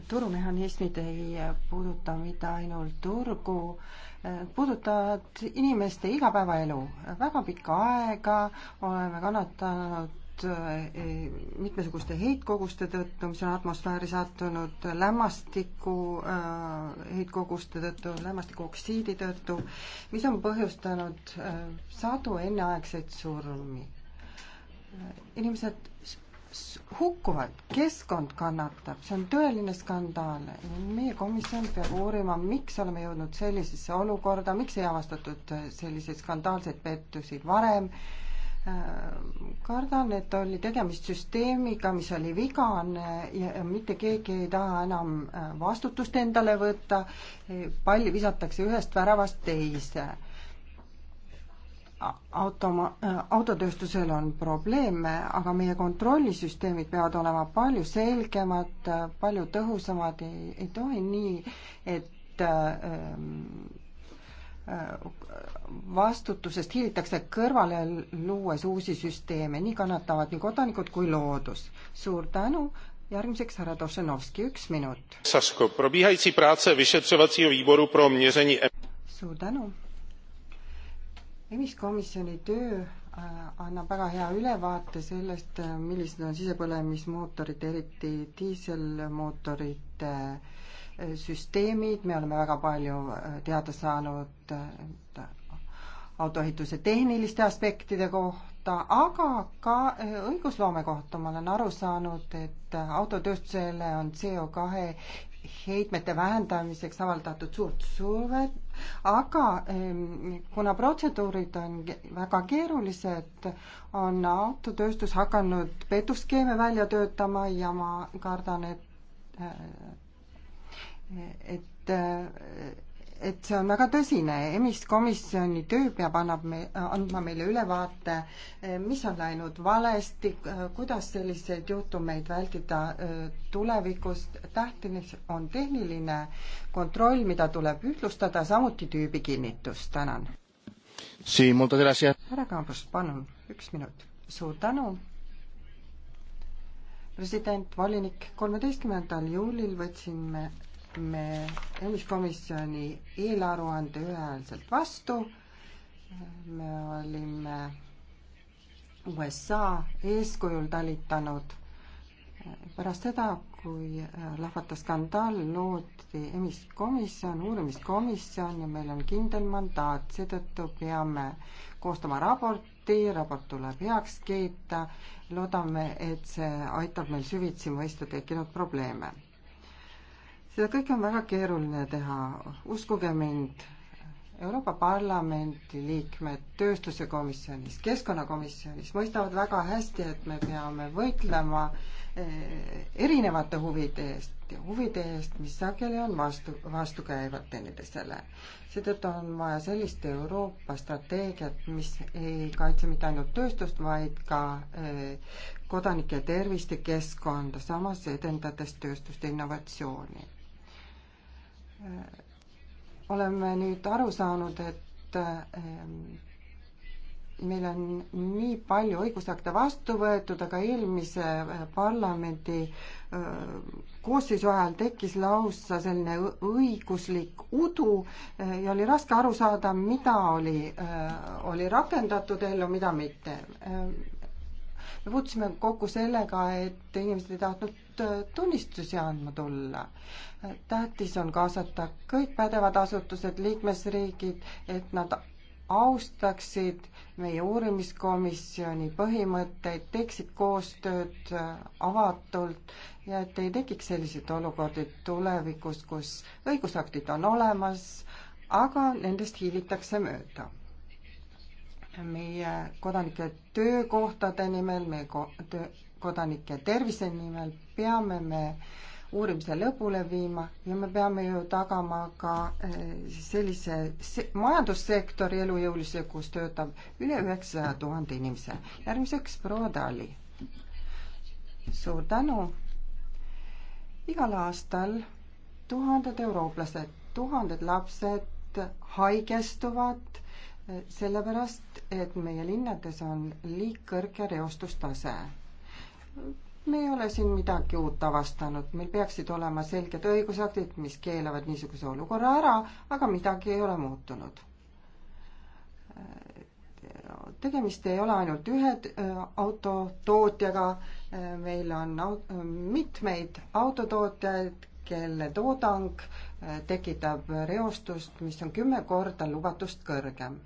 turumehhanismid ei puuduta mitte ainult turgu Eh, puudutavad inimeste igapäevaelu. väga pikka aega oleme kannatanud eh, eh, mitmesuguste heitkoguste tõttu, mis on atmosfääri sattunud, lämmastiku heitkoguste tõttu, lämmastikuoksiidi tõttu, mis on põhjustanud sadu enneaegseid surmi. inimesed hukkuvad, keskkond kannatab, see on tõeline skandaal. meie komisjon peab uurima, miks oleme jõudnud sellisesse olukorda, miks ei avastatud äh, selliseid skandaalseid pettusi varem. Äh, kardan, et oli tegemist süsteemiga, mis oli vigane ja mitte keegi ei taha enam äh, vastutust endale võtta. pall visatakse ühest väravast teise automa-, äh, autotööstusel on probleeme, aga meie kontrollisüsteemid peavad olema palju selgemad, palju tõhusamad, ei, ei tohi nii, et ähm, vastutusest hiilitakse kõrvale, luues uusi süsteeme, nii kannatavad nii kodanikud kui loodus. suur tänu, järgmiseks härra Tošenovski, üks minut. suur tänu emiskomisjoni töö äh, annab väga hea ülevaate sellest, äh, millised on sisepõlemismootorid, eriti diiselmootorite äh, süsteemid, me oleme väga palju teada saanud autoehituse tehniliste aspektide kohta, aga ka õigusloome kohta ma olen aru saanud, et autotööstusele on CO kahe heitmete vähendamiseks avaldatud suurt survet, aga ehm, kuna protseduurid on väga keerulised, on autotööstus hakanud petuskeeme välja töötama ja ma kardan, et eh, et eh, et see on väga tõsine, EMIS komisjoni töö peab annab me, andma meile ülevaate, mis on läinud valesti, kuidas selliseid juhtumeid vältida tulevikus, tähtis on tehniline kontroll, mida tuleb ühtlustada, samuti tüübikinnitus, tänan. härra Kambus, palun, üks minut. suur tänu president, volinik, kolmeteistkümnendal juulil võtsime me õiguskomisjoni eelaruande ühehäälselt vastu. me olime USA eeskujul talitanud pärast seda, kui lahvatas skandaal, loodi emiskomisjon, uurimiskomisjon ja meil on kindel mandaat, seetõttu peame koostama raporti, raport tuleb heaks kiita. loodame, et see aitab meil süvitsi mõista tekkinud probleeme seda kõike on väga keeruline teha, uskuge mind, Euroopa Parlamendi liikmed tööstuse komisjonis, keskkonnakomisjonis mõistavad väga hästi, et me peame võitlema eh, erinevate huvide eest ja huvide eest, mis sageli on vastu, vastukäivad teineteisele. seetõttu on vaja sellist Euroopa strateegiat, mis ei kaitse mitte ainult tööstust, vaid ka eh, kodanike tervist ja keskkonda, samas edendades tööstust ja innovatsiooni Äh, oleme nüüd aru saanud, et äh, meil on nii palju õigusakte vastu võetud, aga eelmise äh, parlamendi koosseisu ajal tekkis lausa selline õiguslik udu ja oli raske aru saada, mida oli, oli rakendatud ellu, mida mitte. me puutusime kokku sellega, et inimesed ei tahtnud tunnistusi andma tulla tähtis on kaasata kõik pädevad asutused, liikmesriigid, et nad austaksid meie uurimiskomisjoni põhimõtteid, teeksid koostööd äh, avatult ja et ei tekiks selliseid olukordi tulevikus, kus õigusaktid on olemas, aga nendest hiilitakse mööda. meie kodanike töökohtade nimel, meie kodanike tervise nimel peame me äh, uurimise lõpule viima ja me peame ju tagama ka eh, sellise se majandussektori elujõulisuse, kus töötab üle üheksasaja tuhande inimese. järgmiseks proua Dali. suur tänu. igal aastal tuhanded eurooplased, tuhanded lapsed haigestuvad eh, sellepärast, et meie linnades on liig kõrge reostustase me ei ole siin midagi uut avastanud, meil peaksid olema selged õigusaktid, mis keelavad niisuguse olukorra ära, aga midagi ei ole muutunud. tegemist ei ole ainult ühe äh, autotootjaga, äh, meil on äh, mitmeid autotootjaid, kelle toodang tekitab reostust, mis on kümme korda lubatust kõrgem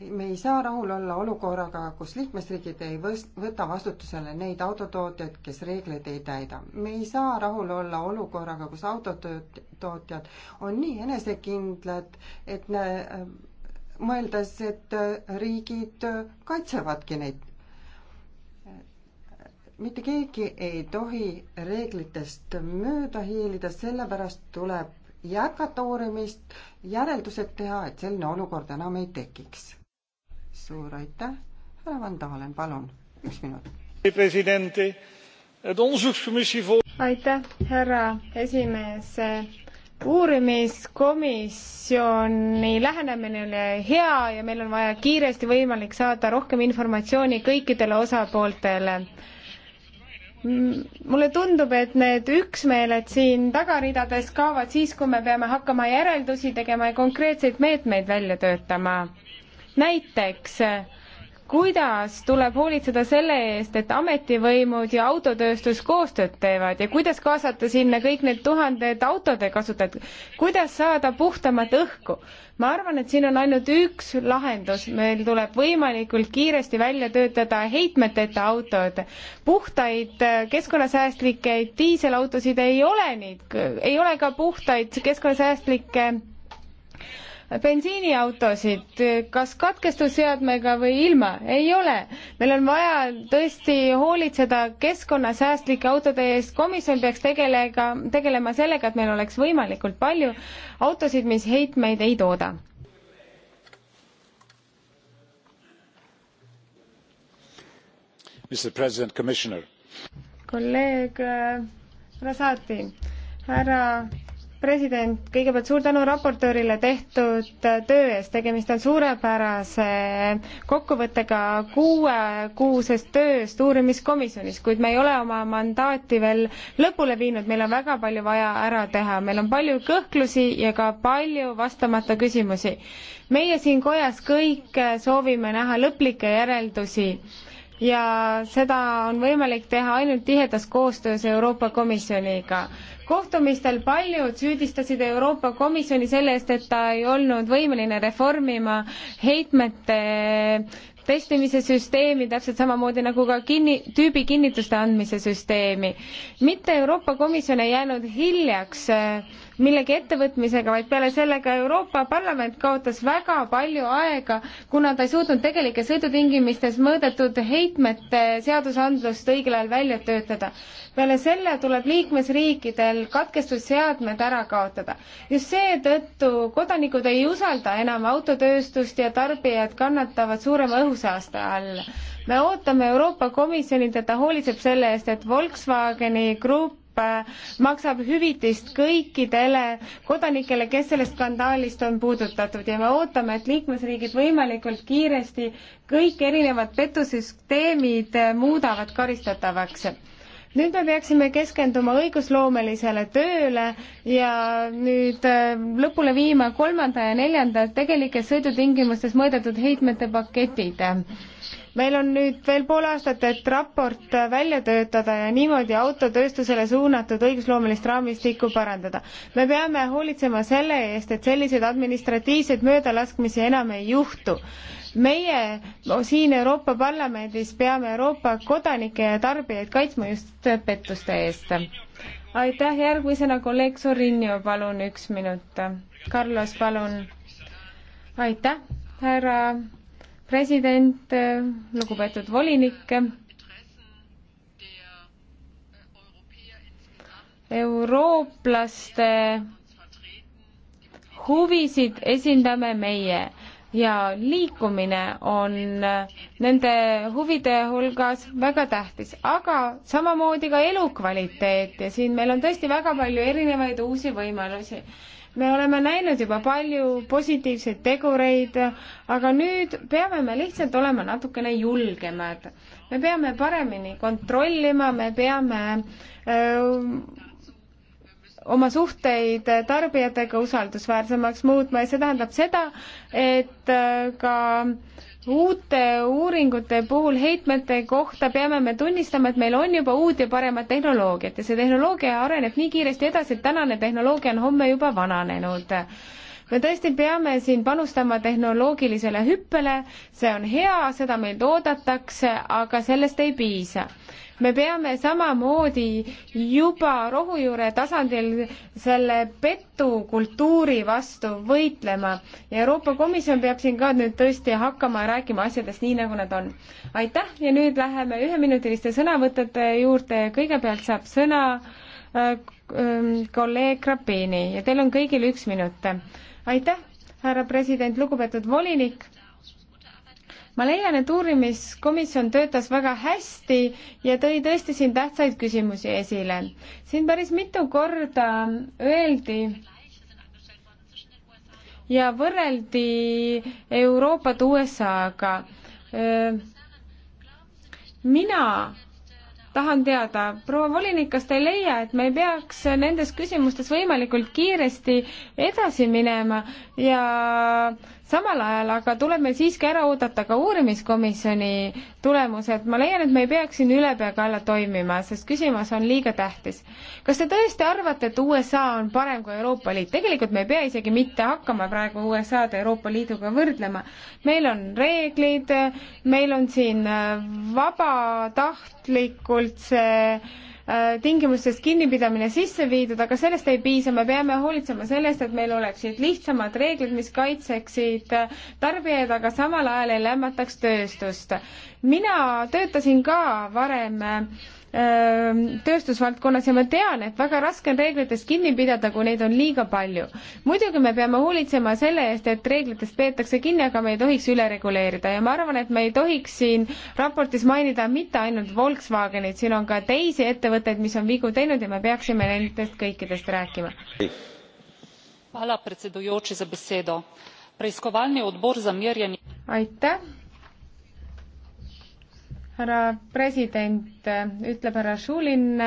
me ei saa rahul olla olukorraga, kus liikmesriigid ei võst-, võta vastutusele neid autotootjaid, kes reegleid ei täida. me ei saa rahul olla olukorraga, kus autotootjad on nii enesekindlad, et ne-, mõeldes, et riigid kaitsevadki neid. mitte keegi ei tohi reeglitest mööda hiilida, sellepärast tuleb jätkata uurimist, järeldused teha, et selline olukord enam ei tekiks suur aitäh, härra Van Dalen, palun, üks minut.
aitäh, härra esimees uurimiskomisjoni lähenemine oli hea ja meil on vaja kiiresti võimalik saada rohkem informatsiooni kõikidele osapooltele. mulle tundub, et need üksmeeled siin tagaridades kaovad siis, kui me peame hakkama järeldusi tegema ja konkreetseid meetmeid välja töötama näiteks kuidas tuleb hoolitseda selle eest, et ametivõimud ja autotööstus koostööd teevad ja kuidas kaasata sinna kõik need tuhanded autode kasutajad, kuidas saada puhtamat õhku? ma arvan, et siin on ainult üks lahendus, meil tuleb võimalikult kiiresti välja töötada heitmeteta autod. puhtaid äh, keskkonnasäästlikke diiselautosid ei ole, neid ei ole ka puhtaid keskkonnasäästlikke bensiiniautosid, kas katkestusseadmega või ilma, ei ole. meil on vaja tõesti hoolitseda keskkonnasäästlike autode eest, komisjon peaks tegelega, tegelema sellega, et meil oleks võimalikult palju autosid, mis heitmeid ei tooda.
Mr President, Commissioner.
kolleeg äh, Rasati, härra president, kõigepealt suur tänu raportöörile tehtud töö eest, tegemist on suurepärase kokkuvõttega kuuekuusest tööst uurimiskomisjonis, kuid me ei ole oma mandaati veel lõpule viinud, meil on väga palju vaja ära teha, meil on palju kõhklusi ja ka palju vastamata küsimusi. meie siin kojas kõik soovime näha lõplikke järeldusi ja seda on võimalik teha ainult tihedas koostöös Euroopa Komisjoniga. kohtumistel paljud süüdistasid Euroopa Komisjoni selle eest, et ta ei olnud võimeline reformima heitmete testimise süsteemi, täpselt samamoodi nagu ka kinni, tüübi kinnituste andmise süsteemi. mitte Euroopa Komisjon ei jäänud hiljaks äh, millegi ettevõtmisega, vaid peale sellega Euroopa Parlament kaotas väga palju aega, kuna ta ei suutnud tegelikes sõidutingimistes mõõdetud heitmete seadusandlust õigel ajal välja töötada. peale selle tuleb liikmesriikidel katkestusseadmed ära kaotada. just seetõttu kodanikud ei usalda enam autotööstust ja tarbijad kannatavad suurema õhusaaste all. me ootame Euroopa Komisjonilt, et ta hoolitseb selle eest, et Volkswageni grupp maksab hüvitist kõikidele kodanikele, kes sellest skandaalist on puudutatud ja me ootame, et liikmesriigid võimalikult kiiresti kõik erinevad petusüsteemid muudavad karistatavaks nüüd me peaksime keskenduma õigusloomelisele tööle ja nüüd äh, lõpule viima kolmanda ja neljanda tegelikes sõidutingimustes mõõdetud heitmete paketid meil on nüüd veel pool aastat, et raport välja töötada ja niimoodi autotööstusele suunatud õigusloomelist raamistikku parandada. me peame hoolitsema selle eest, et selliseid administratiivseid möödalaskmisi enam ei juhtu meie no, siin Euroopa Parlamendis peame Euroopa kodanikke ja tarbijaid kaitsma just pettuste eest. aitäh, järgmisena kolleeg Sorinio, palun üks minut. Carlos, palun. aitäh, härra president, lugupeetud volinik. eurooplaste huvisid esindame meie ja liikumine on nende huvide hulgas väga tähtis, aga samamoodi ka elukvaliteet ja siin meil on tõesti väga palju erinevaid uusi võimalusi me oleme näinud juba palju positiivseid tegureid, aga nüüd peame me lihtsalt olema natukene julgemad. me peame paremini kontrollima, me peame öö, äh, oma suhteid tarbijatega usaldusväärsemaks muutma ja see tähendab seda, et äh, ka uute uuringute puhul heitmete kohta peame me tunnistama, et meil on juba uut ja paremat tehnoloogiat ja see tehnoloogia areneb nii kiiresti edasi, et tänane tehnoloogia on homme juba vananenud. me tõesti peame siin panustama tehnoloogilisele hüppele, see on hea, seda meilt oodatakse, aga sellest ei piisa me peame samamoodi juba rohujuure tasandil selle petukultuuri vastu võitlema ja Euroopa Komisjon peab siin ka nüüd tõesti hakkama rääkima asjadest nii, nagu nad on. aitäh ja nüüd läheme üheminutiliste sõnavõtete juurde, kõigepealt saab sõna äh, ähm, kolleeg Krapini ja teil on kõigil üks minut. aitäh, härra president, lugupeetud volinik ma leian, et uurimiskomisjon töötas väga hästi ja tõi tõesti siin tähtsaid küsimusi esile. siin päris mitu korda öeldi ja võrreldi Euroopat USA-ga. mina tahan teada, proua volinik, kas te ei leia, et me ei peaks nendes küsimustes võimalikult kiiresti edasi minema ja äh, samal ajal aga tuleb meil siiski ära oodata ka uurimiskomisjoni tulemused, ma leian, et me ei peaks siin ülepeakaela toimima, sest küsimus on liiga tähtis. kas te tõesti arvate, et USA on parem kui Euroopa Liit? tegelikult me ei pea isegi mitte hakkama praegu USA-d Euroopa Liiduga võrdlema. meil on reeglid, meil on siin äh, vabatahtlikult see Äh, tingimustest kinnipidamine sisse viidud, aga sellest ei piisa, me peame hoolitsema sellest, et meil oleksid lihtsamad reeglid, mis kaitseksid äh, tarbijaid, aga samal ajal ei lämmataks tööstust. mina töötasin ka varem äh, tööstusvaldkonnas ja ma tean, et väga raske on reeglitest kinni pidada, kui neid on liiga palju. muidugi me peame hoolitsema selle eest, et reeglitest peetakse kinni, aga me ei tohiks üle reguleerida ja ma arvan, et me ei tohiks siin raportis mainida mitte ainult Volkswagenit, siin on ka teisi ettevõtteid, mis on vigu teinud ja me peaksime nendest kõikidest rääkima. aitäh härra president, ütleb härra Šulin,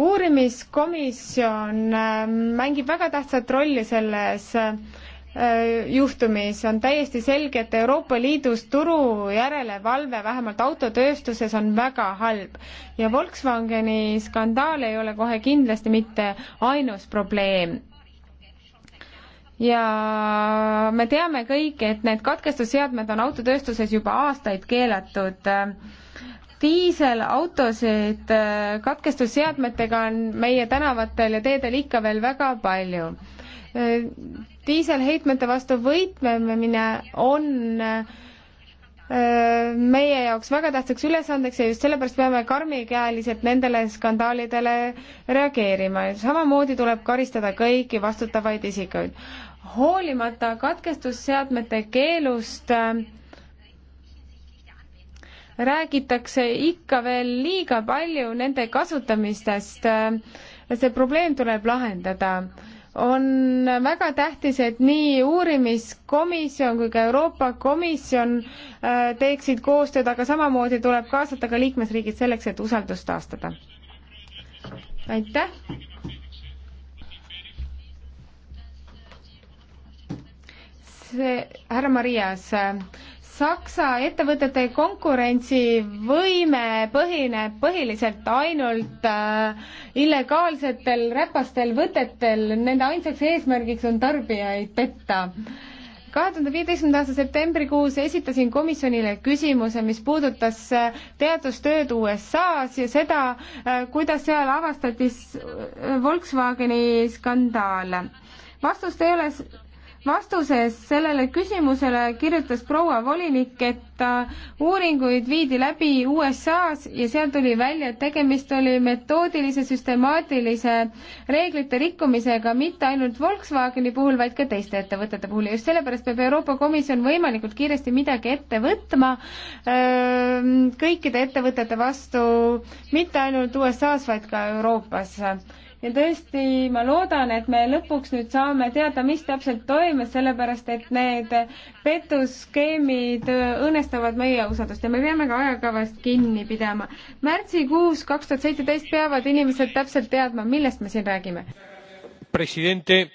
uurimiskomisjon ähm, mängib väga tähtsat rolli selles äh, juhtumis on täiesti selge, et Euroopa Liidus turu järelevalve vähemalt autotööstuses on väga halb ja Volkswageni skandaal ei ole kohe kindlasti mitte ainus probleem ja me teame kõik, et need katkestusseadmed on autotööstuses juba aastaid keelatud. diiselautosid äh, katkestusseadmetega on meie tänavatel ja teedel ikka veel väga palju. Äh, diiselheitmete vastu võitlemine on äh, meie jaoks väga tähtsaks ülesandeks ja just sellepärast peame karmikäeliselt nendele skandaalidele reageerima. samamoodi tuleb karistada kõiki vastutavaid isikuid hoolimata katkestusseadmete keelust äh, räägitakse ikka veel liiga palju nende kasutamistest. Äh, see probleem tuleb lahendada on väga tähtis, et nii uurimiskomisjon kui ka Euroopa Komisjon äh, teeksid koostööd, aga samamoodi tuleb kaasata ka liikmesriigid selleks, et usaldust taastada. aitäh! see, härra Marias, Saksa ettevõtete konkurentsivõime põhineb põhiliselt ainult äh, illegaalsetel räpastel võtetel, nende ainsaks eesmärgiks on tarbijaid petta. kahe tuhande viieteistkümnenda aasta septembrikuus esitasin komisjonile küsimuse, mis puudutas äh, teadustööd USA-s ja seda äh,, kuidas seal avastati Volkswageni skandaal. vastust ei ole vastuses sellele küsimusele kirjutas proua volinik, et äh, uuringuid viidi läbi USA-s ja seal tuli välja, et tegemist oli metoodilise süstemaatilise reeglite rikkumisega mitte ainult Volkswageni puhul, vaid ka teiste ettevõtete puhul ja just sellepärast peab Euroopa Komisjon võimalikult kiiresti midagi ette võtma ähm, kõikide ettevõtete vastu, mitte ainult USA-s, vaid ka Euroopas ja tõesti, ma loodan, et me lõpuks nüüd saame teada, mis täpselt toimus, sellepärast et need pettuskeemid õõnestavad meie usaldust ja me peame ka ajakavast kinni pidama. märtsikuus kaks tuhat seitseteist peavad inimesed täpselt teadma, millest me siin räägime.
presidente,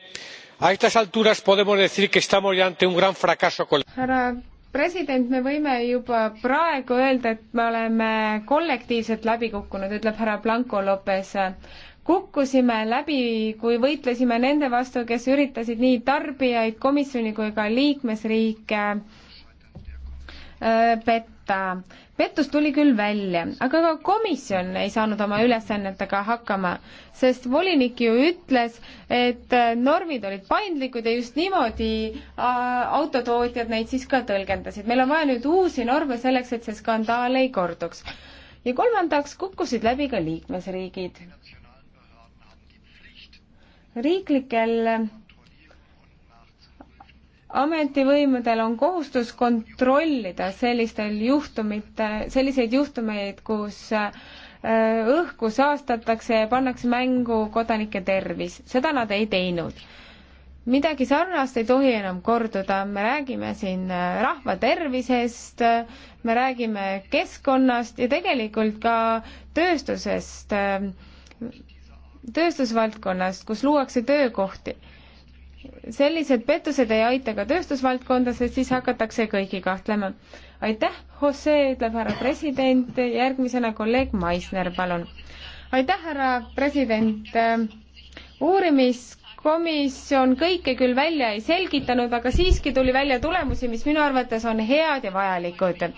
a estas alturas podemos decir que estamos ya ante un gran fracaso.
härra president, me võime juba praegu öelda, et me oleme kollektiivselt läbi kukkunud, ütleb härra Blanco Lopez kukkusime läbi, kui võitlesime nende vastu, kes üritasid nii tarbijaid, komisjoni kui ka liikmesriike petta. pettus tuli küll välja, aga ka komisjon ei saanud oma ülesannetega hakkama, sest volinik ju ütles, et normid olid paindlikud ja just niimoodi autotootjad neid siis ka tõlgendasid. meil on vaja nüüd uusi norme selleks, et see skandaal ei korduks. ja kolmandaks kukkusid läbi ka liikmesriigid riiklikel ametivõimudel on kohustus kontrollida sellistel juhtumite, selliseid juhtumeid, kus äh, õhku saastatakse ja pannakse mängu kodanike tervis. seda nad ei teinud. midagi sarnast ei tohi enam korduda, me räägime siin äh, rahva tervisest, me räägime keskkonnast ja tegelikult ka tööstusest äh, tööstusvaldkonnast, kus luuakse töökohti. sellised pettused ei aita ka tööstusvaldkonda, sest siis hakatakse kõiki kahtlema. aitäh, Jose, ütleb härra president, järgmisena kolleeg Maisner, palun. aitäh, härra president. uurimiskomisjon kõike küll välja ei selgitanud, aga siiski tuli välja tulemusi, mis minu arvates on head ja vajalikud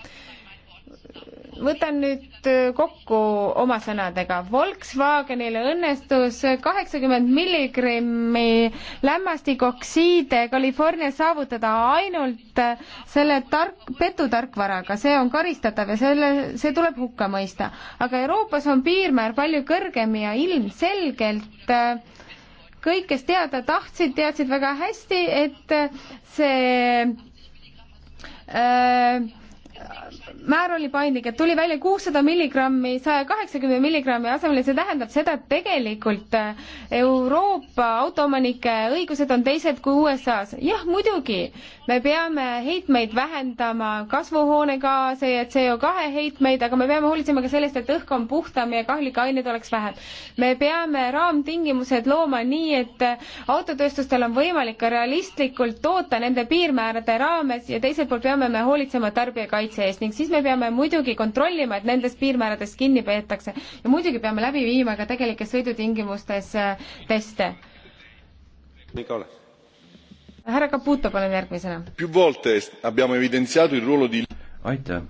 võtan nüüd äh, kokku oma sõnadega. Volkswagenile õnnestus kaheksakümmend milligrammi lämmastikoksiide Californias saavutada ainult äh, selle tark, petutarkvaraga, see on karistatav ja selle, see tuleb hukka mõista. aga Euroopas on piirmäär palju kõrgem ja ilmselgelt äh, kõik, kes teada tahtsid, teadsid väga hästi, et see äh, määr oli paindlik, et tuli välja kuussada milligrammi saja kaheksakümne milligrammi asemel ja see tähendab seda, et tegelikult äh, Euroopa autoomanike õigused on teised kui USA-s. jah, muidugi, me peame heitmeid vähendama, kasvuhoonegaase ja CO2 heitmeid, aga me peame hoolitsema ka sellest, et õhk on puhtam ja kahlikaineid oleks vähem. me peame raamtingimused looma nii, et autotööstustel on võimalik ka realistlikult toota nende piirmäärade raames ja teiselt poolt peame me hoolitsema tarbijakaitse eest piirmääradest ning siis me peame muidugi kontrollima, et nendest piirmääradest kinni peetakse ja muidugi peame läbi viima ka tegelikes sõidutingimustes äh, teste. härra Caputo, palun järgmisena.
aitäh.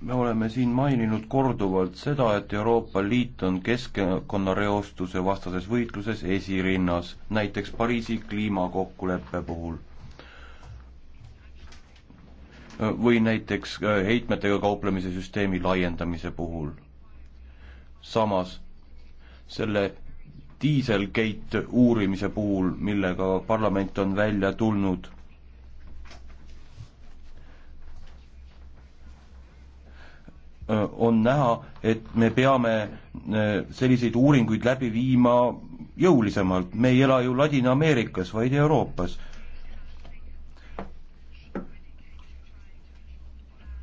me oleme siin maininud korduvalt seda, et Euroopa Liit on keskkonnareostuse vastases võitluses esirinnas, näiteks Pariisi kliimakokkuleppe puhul või näiteks äh, heitmetega kauplemise süsteemi laiendamise puhul. samas selle Dieselgate uurimise puhul, millega parlament on välja tulnud, äh, on näha, et me peame äh, selliseid uuringuid läbi viima jõulisemalt, me ei ela ju Ladina-Ameerikas, vaid Euroopas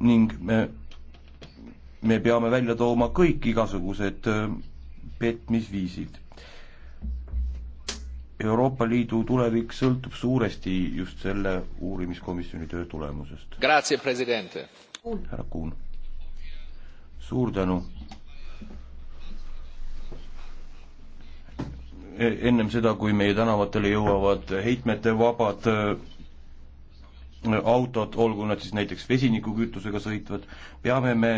ning me, me peame välja tooma kõik igasugused äh, petmisviisid. Euroopa Liidu tulevik sõltub suuresti just selle uurimiskomisjoni töö tulemusest. härra Kuhn, suur tänu. E, ennem seda, kui meie tänavatele jõuavad heitmete vabad äh, autod, olgu nad siis näiteks vesinikukütusega sõitvad, peame me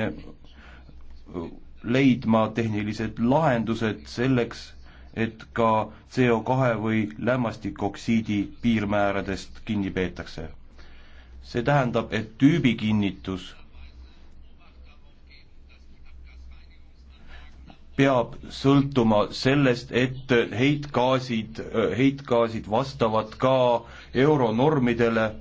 leidma tehnilised lahendused selleks, et ka CO kahe või lämmastikoksiidi piirmääradest kinni peetakse. see tähendab, et tüübikinnitus peab sõltuma sellest, et heitgaasid, heitgaasid vastavad ka euronormidele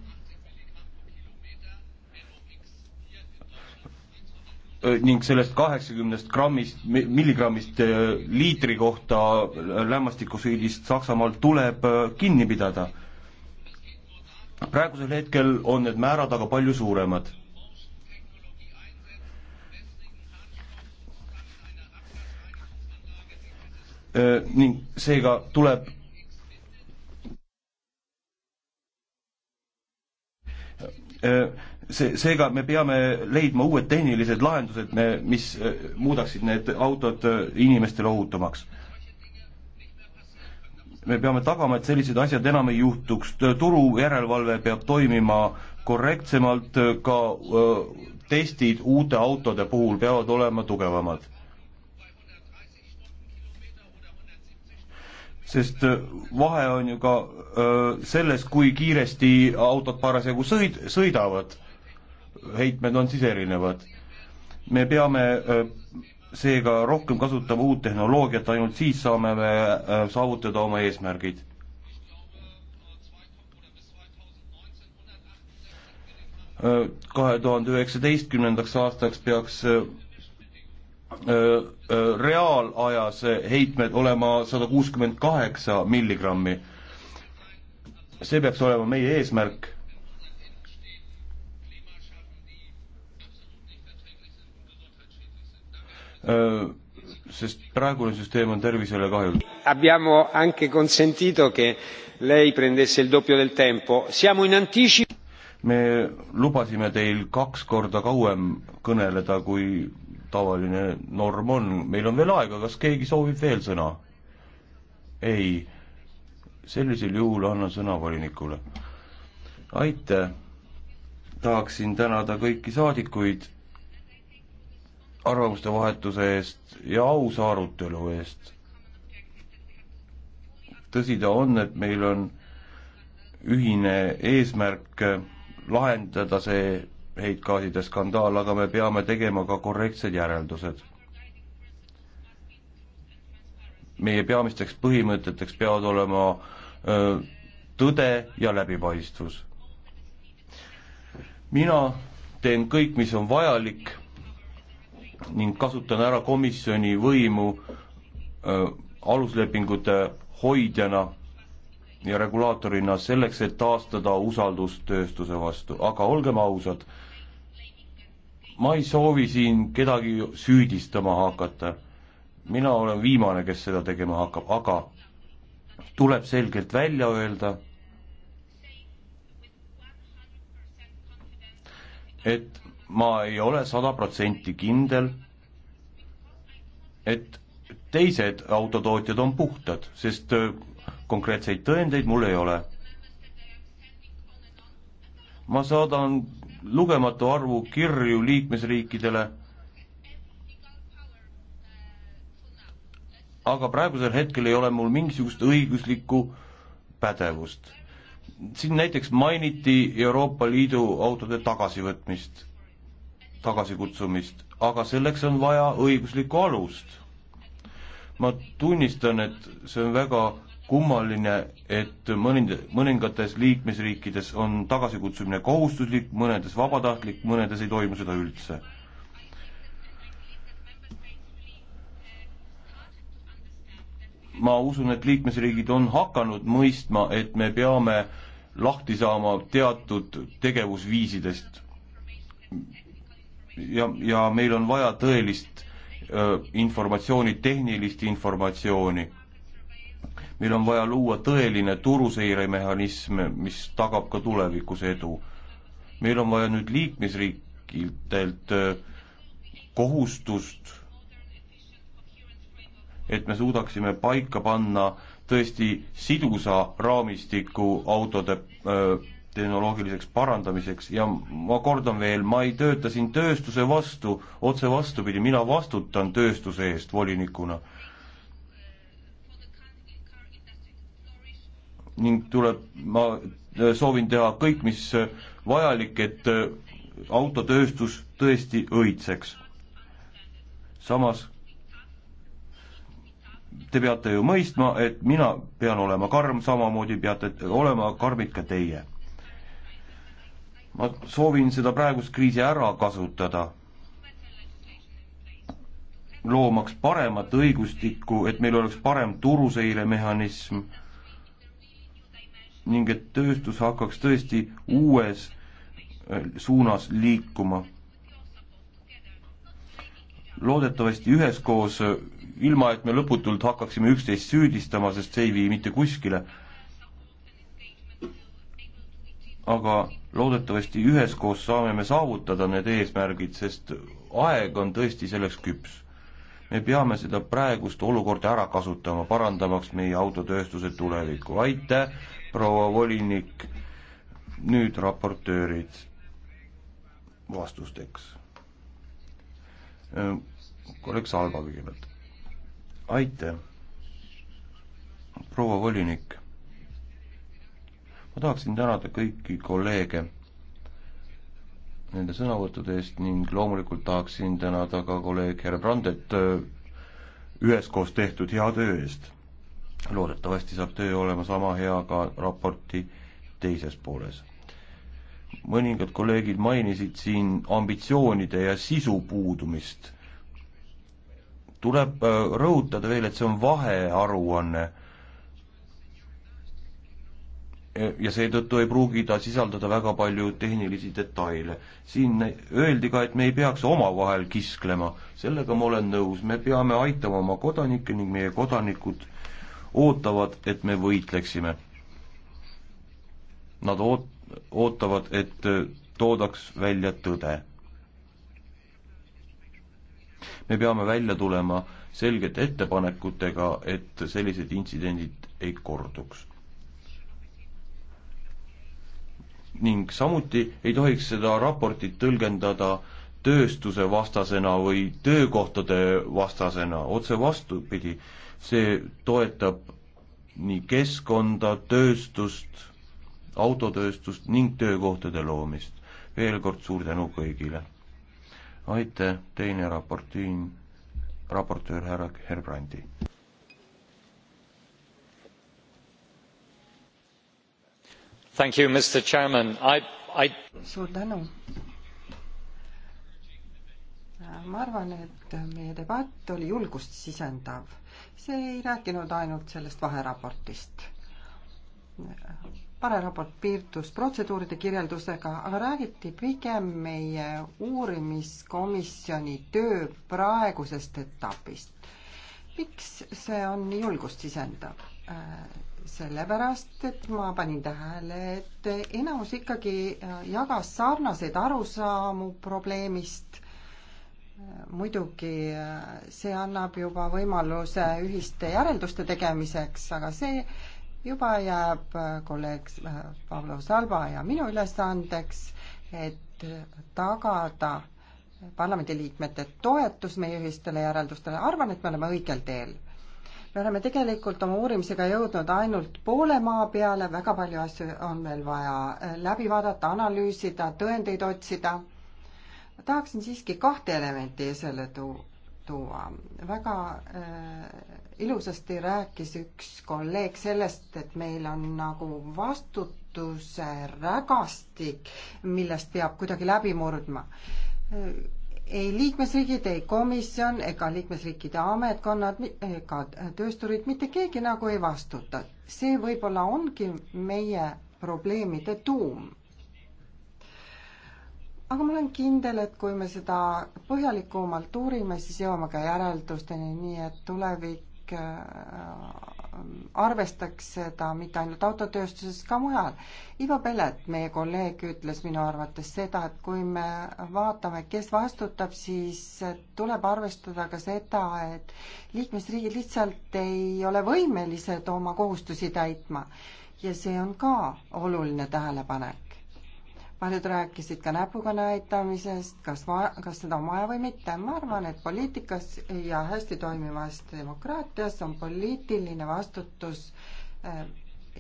Äh, ning sellest kaheksakümnest grammist, milligrammist äh, liitri kohta äh, lämmastikusüülist Saksamaal tuleb kinni pidada. praegusel hetkel on need määrad aga palju suuremad. ning seega tuleb see, seega me peame leidma uued tehnilised lahendused, me, mis äh, muudaksid need autod äh, inimestele ohutumaks. me peame tagama, et sellised asjad enam ei juhtuks, turu järelevalve peab toimima korrektsemalt, äh, ka öö, testid uute autode puhul peavad olema tugevamad. sest vahe on ju ka öö, selles, kui kiiresti autod parasjagu sõid-, sõidavad heitmed on siis erinevad. me peame äh, seega rohkem kasutama uut tehnoloogiat, ainult siis saame me äh, saavutada oma eesmärgid. Äh, kahe tuhande üheksateistkümnendaks aastaks peaks reaalajas heitmed olema sada kuuskümmend kaheksa milligrammi. see peaks olema meie eesmärk sest praegune süsteem on tervisele kahjulik. Abbiamo anche consentito che lei prendesse il doppio del tempo. Siamo in anticipo. me lubasime teil kaks korda kauem kõneleda, kui tavaline norm on, meil on veel aega, kas keegi soovib veel sõna? ei, sellisel juhul annan sõna volinikule. aitäh, tahaksin tänada kõiki saadikuid arvamuste vahetuse eest ja ausa arutelu eest. tõsi ta on, et meil on ühine eesmärk lahendada see heitgaaside skandaal, aga me peame tegema ka korrektsed järeldused. meie peamisteks põhimõteteks peavad olema öö, tõde ja läbipaistvus. mina teen kõik, mis on vajalik ning kasutan ära komisjoni võimu äh, aluslepingute hoidjana ja regulaatorina selleks, et taastada usaldus tööstuse vastu, aga olgem ausad, ma ei soovi siin kedagi süüdistama hakata. mina olen viimane, kes seda tegema hakkab, aga tuleb selgelt välja öelda, et ma ei ole sada protsenti kindel, et teised autotootjad on puhtad, sest äh, konkreetseid tõendeid mul ei ole. ma saadan lugematu arvu kirju liikmesriikidele, aga praegusel hetkel ei ole mul mingisugust õiguslikku pädevust. siin näiteks mainiti Euroopa Liidu autode tagasivõtmist tagasikutsumist, aga selleks on vaja õiguslikku alust. ma tunnistan, et see on väga kummaline, et mõnind-, mõningates liikmesriikides on tagasikutsumine kohustuslik, mõnedes vabatahtlik, mõnedes ei toimu seda üldse. ma usun, et liikmesriigid on hakanud mõistma, et me peame lahti saama teatud tegevusviisidest, ja, ja meil on vaja tõelist öö, informatsiooni, tehnilist informatsiooni. meil on vaja luua tõeline turuseiremehhanism, mis tagab ka tulevikus edu. meil on vaja nüüd liikmesriikidelt öö, kohustust, et me suudaksime paika panna tõesti sidusa raamistiku autode öö, tehnoloogiliseks parandamiseks ja ma kordan veel, ma ei tööta siin tööstuse vastu, otse vastupidi, mina vastutan tööstuse eest volinikuna. ning tuleb, ma äh, soovin teha kõik, mis vajalik, et äh, autotööstus tõesti õitseks. samas te peate ju mõistma, et mina pean olema karm, samamoodi peate olema karmid ka teie ma soovin seda praegust kriisi ära kasutada, loomaks paremat õigustikku, et meil oleks parem turuseiremehhanism ning et tööstus hakkaks tõesti uues äh, suunas liikuma. loodetavasti üheskoos, äh, ilma et me lõputult hakkaksime üksteist süüdistama, sest see ei vii mitte kuskile aga loodetavasti üheskoos saame me saavutada need eesmärgid, sest aeg on tõesti selleks küps. me peame seda praegust olukorda ära kasutama, parandamaks meie autotööstuse tulevikku. aitäh, proua volinik, nüüd raportöörid vastusteks. kolleeg Salva kõigepealt. aitäh, proua volinik ma tahaksin tänada kõiki kolleege nende sõnavõttude eest ning loomulikult tahaksin tänada ka kolleeg härra Brandet äh, üheskoos tehtud hea töö eest. loodetavasti saab töö olema sama hea ka raporti teises pooles. mõningad kolleegid mainisid siin ambitsioonide ja sisu puudumist. tuleb äh, rõhutada veel, et see on vahearuanne ja seetõttu ei pruugi ta sisaldada väga palju tehnilisi detaile. siin öeldi ka, et me ei peaks omavahel kisklema, sellega ma olen nõus, me peame aitama oma kodanikke ning meie kodanikud ootavad, et me võitleksime. Nad oot-, ootavad, et äh, toodaks välja tõde. me peame välja tulema selgete ettepanekutega, et sellised intsidendid ei korduks ning samuti ei tohiks seda raportit tõlgendada tööstuse vastasena või töökohtade vastasena, otse vastupidi, see toetab nii keskkonda, tööstust, autotööstust ning töökohtade loomist. veel kord suur tänu kõigile. aitäh, teine raportiin, raportöör härra Herbrandi.
mr president ma arvan et meie debatt oli julgust sisendav see ei rääkinud ainult sellest vaheraportist vareraport piirdus protseduuride kirjeldusega aga räägiti pigem meie uurimiskomisjoni töö praegusest etapist miks see on julgust sisendav sellepärast, et ma panin tähele, et enamus ikkagi äh, jagas sarnaseid arusaamu probleemist. muidugi äh, see annab juba võimaluse ühiste järelduste tegemiseks, aga see juba jääb äh, kolleeg Pavlo Salba ja minu ülesandeks, et tagada parlamendiliikmete toetus meie ühistele järeldustele, arvan, et me oleme õigel teel me oleme tegelikult oma uurimisega jõudnud ainult poole maa peale, väga palju asju on veel vaja läbi vaadata, analüüsida, tõendeid otsida. tahaksin siiski kahte elementi esile tu-, tuua. väga äh, ilusasti rääkis üks kolleeg sellest, et meil on nagu vastutuse rägastik, millest peab kuidagi läbi murdma äh, ei liikmesriigid, ei komisjon ega liikmesriikide ametkonnad ega töösturid, mitte keegi nagu ei vastuta. see võib-olla ongi meie probleemide tuum. aga ma olen kindel, et kui me seda põhjalikumalt uurime, siis jõuame ka järeldusteni, nii et tulevik äh, Ähm, arvestaks seda mitte ainult autotööstuses, ka mujal. Ivo Pellet, meie kolleeg, ütles minu arvates seda, et kui me vaatame, kes vastutab, siis tuleb arvestada ka seda, et liikmesriigid lihtsalt ei ole võimelised oma kohustusi täitma. ja see on ka oluline tähelepanek paljud rääkisid ka näpuga näitamisest, kas va-, kas seda on vaja või mitte. ma arvan, et poliitikas ja hästi toimivas demokraatias on poliitiline vastutus äh,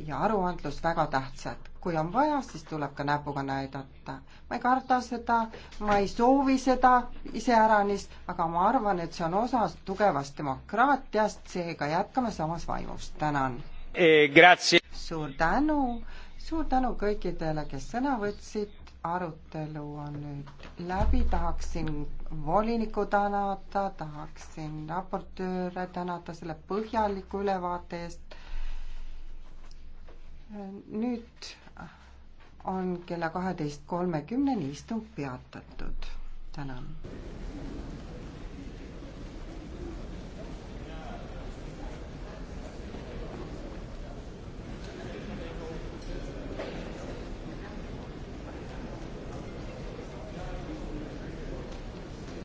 ja aruandlus väga tähtsad. kui on vaja, siis tuleb ka näpuga näidata. ma ei karda seda, ma ei soovi seda iseäranis, aga ma arvan, et see on osa tugevast demokraatiast, seega jätkame samas vaimus. tänan eh,. suur tänu suur tänu kõikidele, kes sõna võtsid, arutelu on nüüd läbi, tahaksin volinikku tänada, tahaksin raportööre tänada selle põhjaliku ülevaate eest. nüüd on kella kaheteist kolmekümneni istung peatatud. tänan.